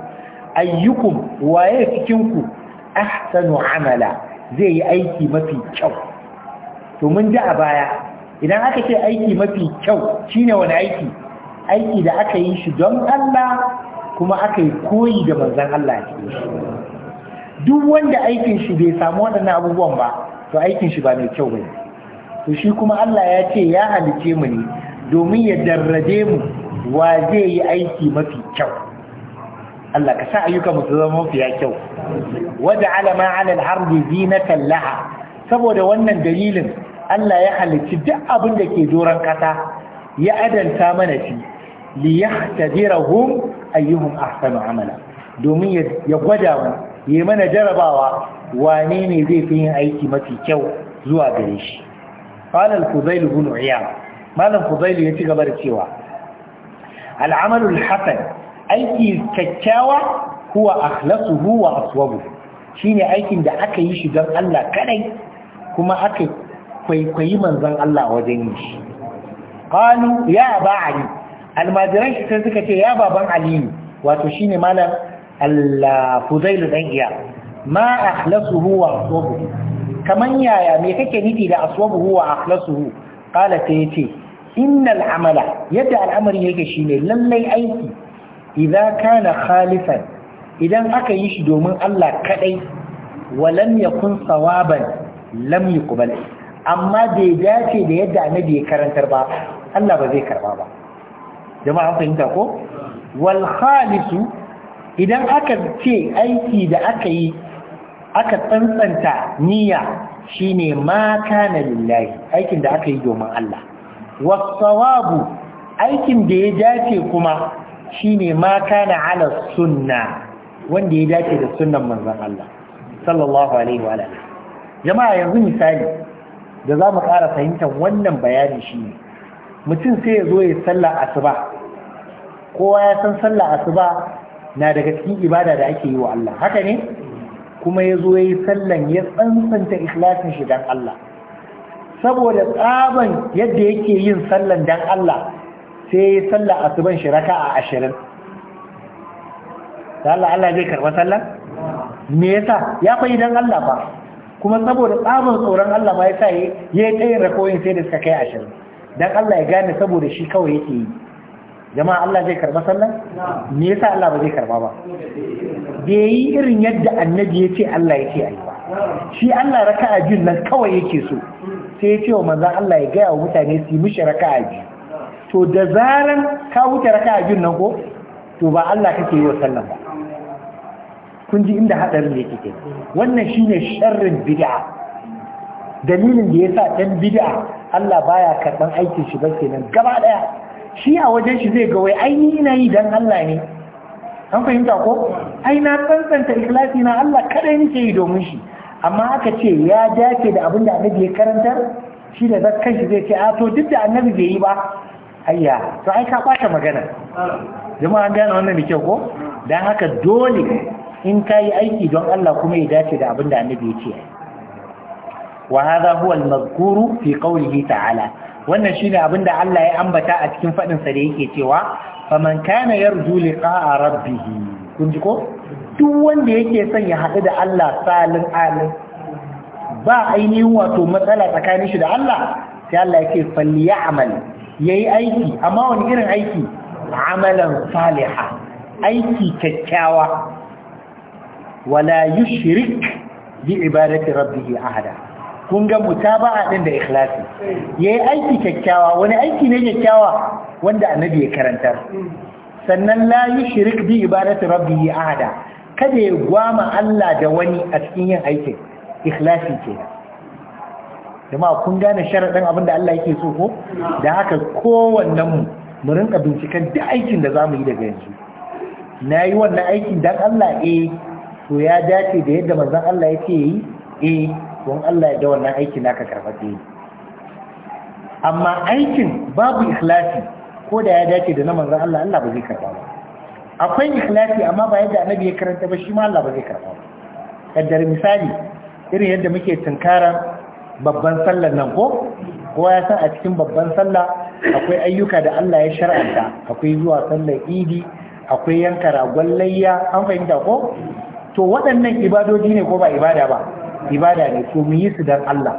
ayyukum waye cikin ku ahsanu amala zai yi aiki mafi kyau to mun ji a baya idan aka ce aiki mafi kyau shine wani aiki aiki da aka yi shi don Allah kuma aka yi koyi da manzon Allah cikin shi duk wanda aikin shi bai samu waɗannan abubuwan ba to aikin shi ba mai kyau bane to shi kuma Allah ya ce ya halice mu ne domin ya darrade mu wa zai yi aiki mafi kyau Allah ka sa ayyuka mu zama mafiya kyau Wadda alama 'ala al-ardi zinatan laha saboda wannan dalilin Allah ya halicci duk abin da ke doron kasa ya adanta mana shi li yahtadirahum ayyuhum ahsanu amala domin ya gwada mu yi mana jarabawa wane ne zai fi yin aiki mafi kyau zuwa gare shi qala al-fudail ibn malam fudail ya ci gaba da cewa al-amalu al-hasan aiki kyakkyawa huwa akhlasuhu wa aswabu shine aikin da aka yi shi don Allah kadai kuma aka kwaikwayi manzon Allah wajen yi shi qalu ya ba ali almajiran shi sai suka ce ya baban ali wato shine malam al-fudail dan iya ma akhlasuhu wa aswabu kaman yaya me kake nufi da aswabuhu wa akhlasuhu qala ta yace innal amala yadda al'amari yake shine lallai aiki idza kana khalifan idan aka yi shi domin Allah kadai walam yakun sawaban lam yuqbal amma bai dace da yadda annabi ya karantar ba Allah ba zai karba ba jama'a fahimta ko wal khalisu idan aka ce aiki da aka yi aka tsantsanta niyya shine ma kana lillahi aikin da aka yi domin Allah wasawabu aikin da ya dace kuma shine ma kana ala sunna wanda ya dace da sunnan manzon Allah sallallahu alaihi wa alihi jama'a yanzu misali da za mu ƙara fahimtar wannan bayani shine mutum sai ya zo ya sallah asuba kowa ya san sallah asuba na daga cikin ibada da ake yi wa Allah haka ne kuma ya zo ya yi sallan ya tsantsanta ikhlasin shi dan Allah saboda tsaban yadda yake yin sallan dan Allah sai ya yi sallah asuban shi raka a ashirin da Allah Allah zai karɓa sallah me yasa ya fa idan Allah ba kuma saboda tsamin tsoron Allah sa yasa ya yi tsayin rakoyin sai da suka kai ashirin dan Allah ya gane saboda shi kawai yake yi jama'a Allah zai karɓa sallah me yasa Allah ba zai karɓa ba bai yi irin yadda annabi ya ce Allah ya ce ayi ba shi Allah raka'a biyu nan kawai yake so sai ya ce wa manzon Allah ya gaya wa mutane su yi mishi raka'a biyu to da zaran ka wuce raka biyun nan ko to ba Allah kake yi wa sallan ba kun ji inda hadarin yake ke wannan shine sharrin bid'a dalilin da yasa dan bid'a Allah baya karban aikin shi ba kenan gaba daya shi a wajen shi zai ga wai ai ni ina yi dan Allah ne an fahimta ko ai na tsantsanta ikhlasi na Allah kada nake yi domin shi amma aka ce ya dace da abin da annabi ya karanta shi da zakkan shi zai ce a to duk da annabi bai yi ba ayya to ai ka kwata magana jama'a an gane wannan da kyau ko dan haka dole in ka aiki don Allah kuma ya dace da abin da annabi ya ce wa hadha huwa al-mazkuru fi qawlihi ta'ala wannan shine abin da Allah ya ambata a cikin fadin sa da yake cewa faman kana yarju liqa'a rabbih kun ji ko duk wanda yake son ya haɗu da Allah salin alin ba ainihin wato matsala tsakanin shi da Allah sai Allah yake ya amal yayi aiki amma wani irin aiki amalan saliha aiki kyakkyawa wala shirik bi ibadati rabbih ahada kun ga a din da ikhlasi yayi aiki kyakkyawa wani aiki ne kyakkyawa wanda annabi ya karantar sannan la shirik bi ibadati rabbih ahada kada ya gwama Allah da wani a cikin yin aikin ikhlasi kenan jama'a kun gane sharaɗin abin da Allah yake so ko da haka kowannen mu mu rinka binciken duk aikin da zamu yi daga yanzu na yi wannan aikin dan Allah eh to ya dace da yadda manzon Allah yake yi eh don Allah ya da wannan aikin naka karfafe amma aikin babu ikhlasi ko da ya dace da na manzon Allah Allah ba zai karba ba akwai ikhlasi amma ba yadda annabi ya karanta ba shi ma Allah ba zai karba ba kaddar misali irin yadda muke tunkaran babban sallar nan ko kowa ya san a cikin babban sallah akwai ayyuka da Allah ya shar'anta akwai zuwa sallar idi akwai yanka ragon layya an fahimta ko to waɗannan ibadoji ne ko ba ibada ba ibada ne to mu yi su dan Allah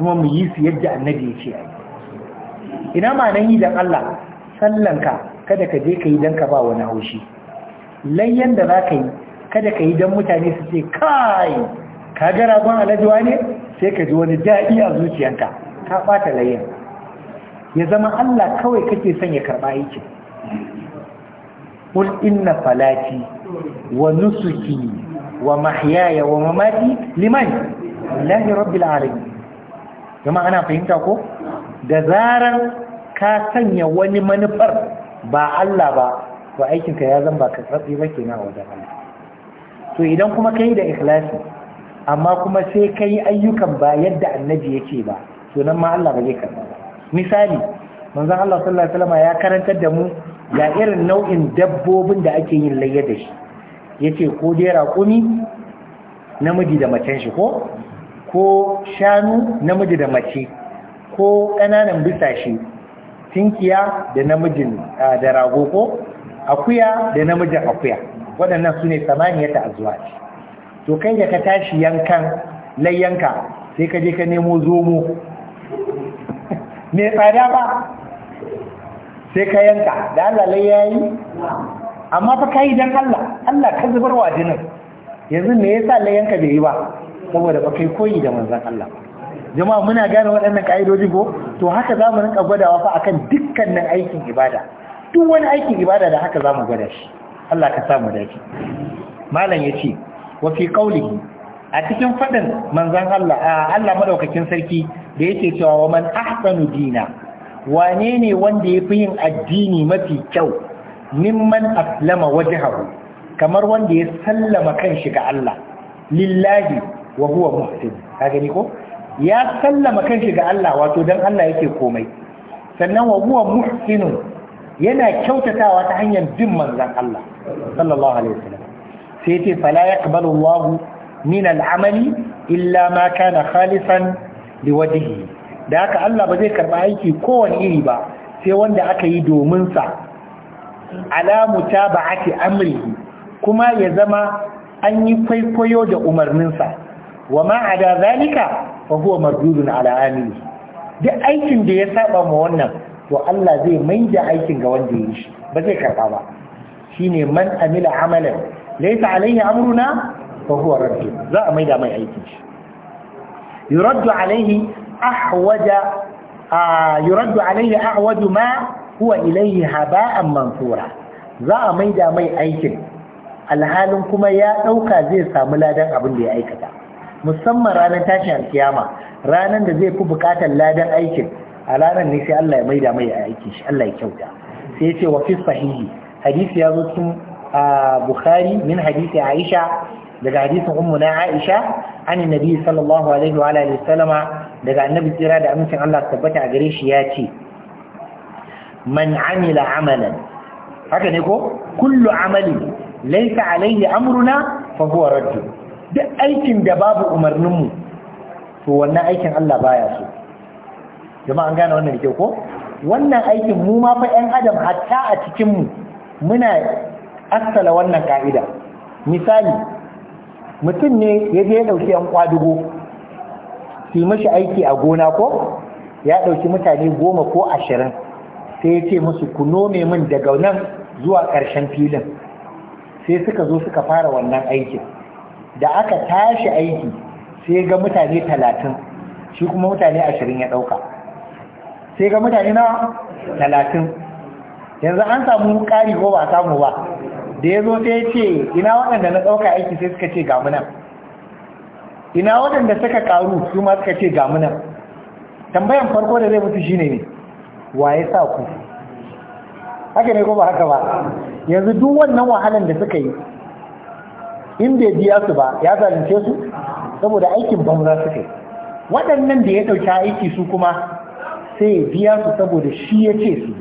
kuma mu yi su yadda annabi ya ce ina ma nan yi dan Allah sallanka kada ka je ka yi dan ka ba wani haushi layyan da za ka yi kada ka yi dan mutane su ce kai ka ga ragon alajuwa ne sai ka ji wani daɗi a zuciyanka ka ɓata layin ya zama Allah kawai kake son ya karɓa Inna falati wa nusuki wa ونسكي wa ومماتي liman, lahi رب العالمين Zama ana fahimta ko da zarar ka sanya wani manufar ba Allah ba to aikinka ya zan ba ka tsatsi ba ke na wajen Allah to idan kuma ka yi da ikhlasi amma kuma sai ka yi ayyukan ba yadda annabi yake ba sunan ma Allah ba zai karɓa ba misali manzon Allah sallallahu alaihi wasallam ya karantar da mu ga irin nau'in dabbobin da ake yin layya da shi yace ko dai raƙumi namiji da macen shi ko ko shanu namiji da mace ko ƙananan bisashe tinkiya da namijin da rago ko akuya da namijin akuya waɗannan su ne samaniyata azwaji to kai da ka tashi yankan layyanka sai ka je ka nemo zomo me tsada ba sai ka yanka da Allah layyayi amma fa kai dan Allah Allah ka zubarwa jinin yanzu me yasa layyanka bai yi ba saboda ba kai koyi da manzon Allah jama'a muna gane waɗannan ka'idoji ko to haka zamu rinka gwadawa fa akan dukkanin aikin ibada duk wani aikin ibada da haka zamu gwada shi Allah ka samu dace malam yace wa fi qawlihi a cikin fadin manzon Allah Allah madaukakin sarki da yake cewa wa man ahsanu dina wane ne wanda yafi yin addini mafi kyau mimman aslama wajhahu kamar wanda ya sallama kanshi ga Allah lillahi wa huwa muhsin ka gani ko ya sallama kanshi ga Allah wato dan Allah yake komai sannan wa huwa muhsinun yana kyautatawa ta hanyar bin manzon Allah sallallahu alaihi wasallam sai ce fala ya yaqbalu wahu min al'amali illa ma kana khalisan liwajhihi da haka Allah ba zai karɓi aiki kowane iri ba sai wanda aka yi domin sa ba ake amri kuma ya zama an yi kwaikwayo da umarninsa wa ma da zalika fa huwa mardudun ala duk aikin da ya saba ma wannan to Allah zai da aikin ga wanda ya yi shi ba zai karɓa ba Shi ne man amila amalan laysa alaihi amruna fa huwa raddu za a maida mai aiki yuraddu alayhi ahwaja yuraddu alayhi ahwaju ma huwa ilayhi haba'an mansura za a maida mai aikin alhalin kuma ya dauka zai samu ladan abin da ya aikata musamman ranar tashin alkiyama ranar da zai fi bukatar ladan aikin a ranar ne sai Allah ya maida mai aikin shi Allah ya kyauta sai ya ce wa fi sahihi hadisi ya zo cikin bukhari min hadisi aisha daga hadisin ummu na aisha an nabi sallallahu alaihi wa alihi sallama daga annabi tsira da amincin Allah tabbata a gare shi ya ce man amila amalan haka ne ko kullu amali laysa alaihi amruna fa huwa radd duk aikin da babu umarnin mu to wannan aikin Allah baya so jama'a an gane wannan da ko wannan aikin mu ma fa 'yan adam hatta a cikin mu muna asala wannan ka'ida misali mutum ne ya je ya ɗauki ‘yan kwadugo su mashi aiki a gona ko ya ɗauki mutane goma ko ashirin sai ya ce musu ku nome min daga nan zuwa ƙarshen filin sai suka zo suka fara wannan aikin da aka tashi aiki sai ga mutane talatin shi kuma mutane ashirin ya ɗauka sai ga mutane na talatin yanzu an samu ƙari ko ba a samu ba da ya zo sai ce ina waɗanda na ɗauka aiki sai suka ce gamunan ina waɗanda suka ƙaru su ma suka ce gamunan tambayan farko da zai mutu shine ne wa ya sa ku haka ne ko ba haka ba yanzu duk wannan wahalan da suka yi in bai biya su ba ya zalunce su saboda aikin banza suka yi waɗannan da ya ɗauki aiki su kuma sai ya biya su saboda shi ya ce su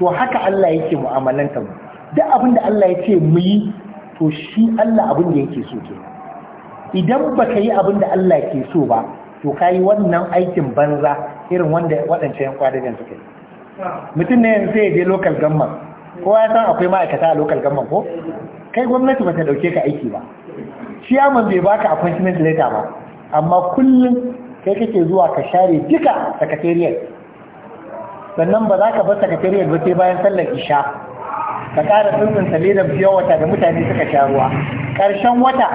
to haka Allah yake mu'amalanta mu duk abin da Allah ya ce mu yi to shi Allah abin da yake so ke idan baka yi abin da Allah yake so ba to ka yi wannan aikin banza irin wanda waɗancan yan kwadajen suka yi mutum ne sai ya je local government kowa ya san akwai ma'aikata a local government ko kai gwamnati ba ta dauke ka aiki ba ciyaman bai baka appointment letter ba amma kullum kai kake zuwa ka share duka sakatariyar sannan ba za ka bar sakatariyar ba sai bayan sallar isha ka ƙara tsuntsun talidar biyar wata da mutane suka sha ruwa ƙarshen wata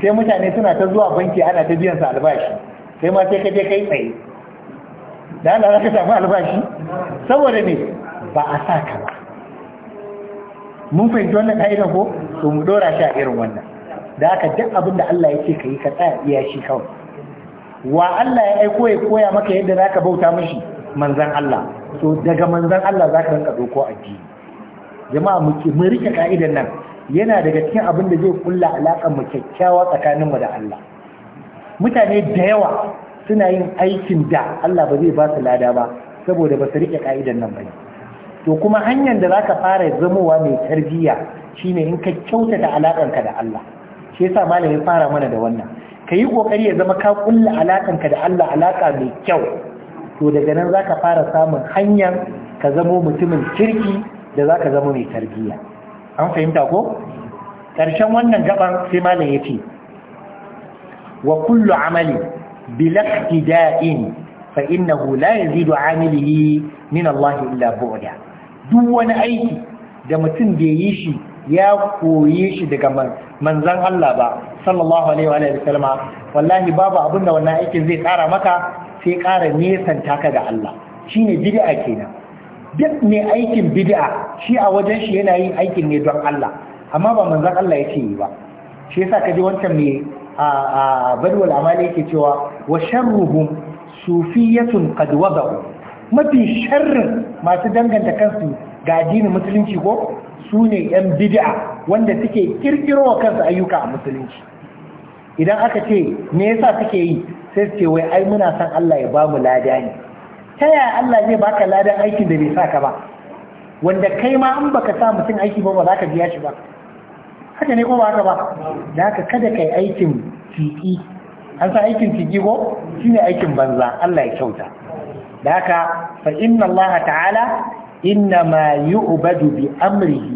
sai mutane suna ta zuwa banki ana ta biyan su albashi sai ma sai ka je kai tsaye da Allah za ka samu albashi saboda ne ba a sa ka ba mun fahimci wannan ka'idan ko to mu dora shi a irin wannan da aka duk abin da Allah ya ce ka yi ka tsaya iya shi kawai wa Allah ya aiko ya koya maka yadda za ka bauta mishi manzan Allah so daga manzan Allah za ka rinka doko addini jama'a mu rike ka'idan nan yana daga cikin abin da zai kulla alaƙar mu kyakkyawa tsakaninmu da Allah mutane da yawa suna yin aikin da Allah ba zai ba su lada ba saboda ba su rike ka'idan nan ba to kuma hanyar da za ka fara zamowa mai tarbiyya shine in ka kyautata alaƙanka da Allah shi yasa malamin fara mana da wannan ka yi ƙoƙari ya zama ka kulla alaƙanka da Allah alaƙa mai kyau to daga nan za ka fara samun hanyar ka zamo mutumin kirki da za ka zama mai tarbiyya an fahimta ko ƙarshen wannan gaban sai malam ya ce wa kullu amali bilaktida'in fa innahu la yazidu amilihi min Allah illa bu'da duk wani aiki da mutum da yi shi ya koye shi daga manzan Allah ba sallallahu alaihi wa sallama wallahi babu abin da wannan aikin zai kara maka sai ƙara nesanta ka ga Allah Shi ne bid'a kenan duk mai aikin bid'a shi a wajen shi yana yin aikin ne don Allah amma ba manzan Allah yake yi ba shi yasa kaji wancan mai a badwal amali yake cewa wa sharruhum sufiyatun qad wada'u mafi sharrin masu danganta kansu ga addinin musulunci ko su ne yan bid'a wanda suke kirkiro kansu ayyuka a musulunci idan aka ce me yasa kake yi sai su ce wai ai muna son Allah ya ba mu lada ne ta yaya Allah zai baka ladan aikin da bai sa ka ba wanda kai ma an baka sa mutum aiki ba ba za ka biya shi ba haka ne ko ba haka ba da haka kada kai aikin tiki an san aikin tiki ko shine aikin banza Allah ya kyauta da haka fa inna Allah ta'ala inna ma yu'badu bi amrihi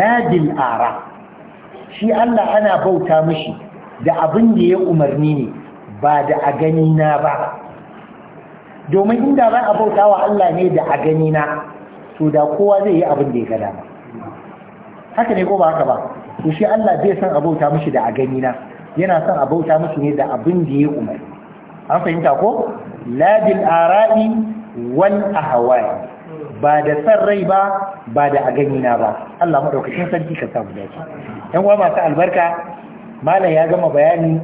la bil ara shi Allah ana bauta mishi da abin da ya umarni ne ba da a gani na ba domin inda za a bauta wa Allah ne da a gani to da kowa zai yi abin da ya gada ba haka ne ko ba haka ba to shi Allah zai san abauta bauta mishi da a gani na yana son abauta ne da abin da ya umarni an fahimta ko la bil ara'i wal ahwa'i ba da san rai ba ba da a gani ba Allah madaukakin sarki ka samu dace yan uwa masu albarka malam ya gama bayani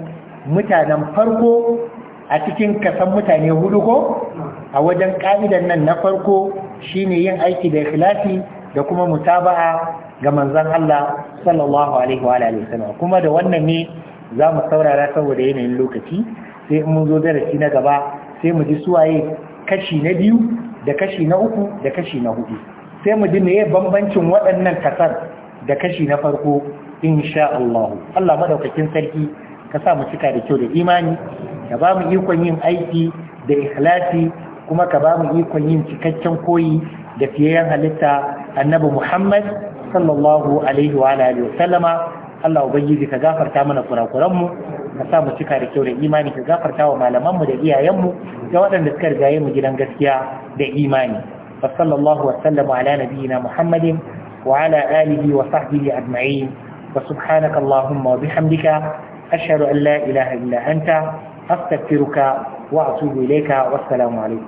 mutanen farko a cikin kasan mutane hudu ko a wajen ƙa'idan nan na farko shine yin aiki da ikhlasi da kuma mutaba'a ga manzon Allah sallallahu alaihi wa alihi wasallam kuma da wannan ne za mu saurara saboda yanayin lokaci sai mun zo darasi na gaba sai mu ji suwaye kashi na biyu da kashi na uku da kashi na hudu sai mu ji meye bambancin waɗannan kasar da kashi na farko insha Allah Allah madaukakin sarki ka sa mu cika da kyau da imani ka ba mu ikon yin aiki da ikhlasi kuma ka ba mu ikon yin cikakken koyi da fiyayyen halitta annabi Muhammad sallallahu alaihi wa alihi wa sallama Allah ubangiji ka gafarta mana kurakuran mu ka sa mu cika da kyau da imani ka gafarta wa malamanmu da iyayenmu da waɗanda suka rigaye mu gidan gaskiya da imani wa sallallahu wa sallama ala nabiyyina muhammadin wa ala alihi wa sahbihi ajma'in wa subhanaka Allahumma wa bihamdika ashhadu an la ilaha illa anta astaghfiruka wa atubu ilayka wassalamu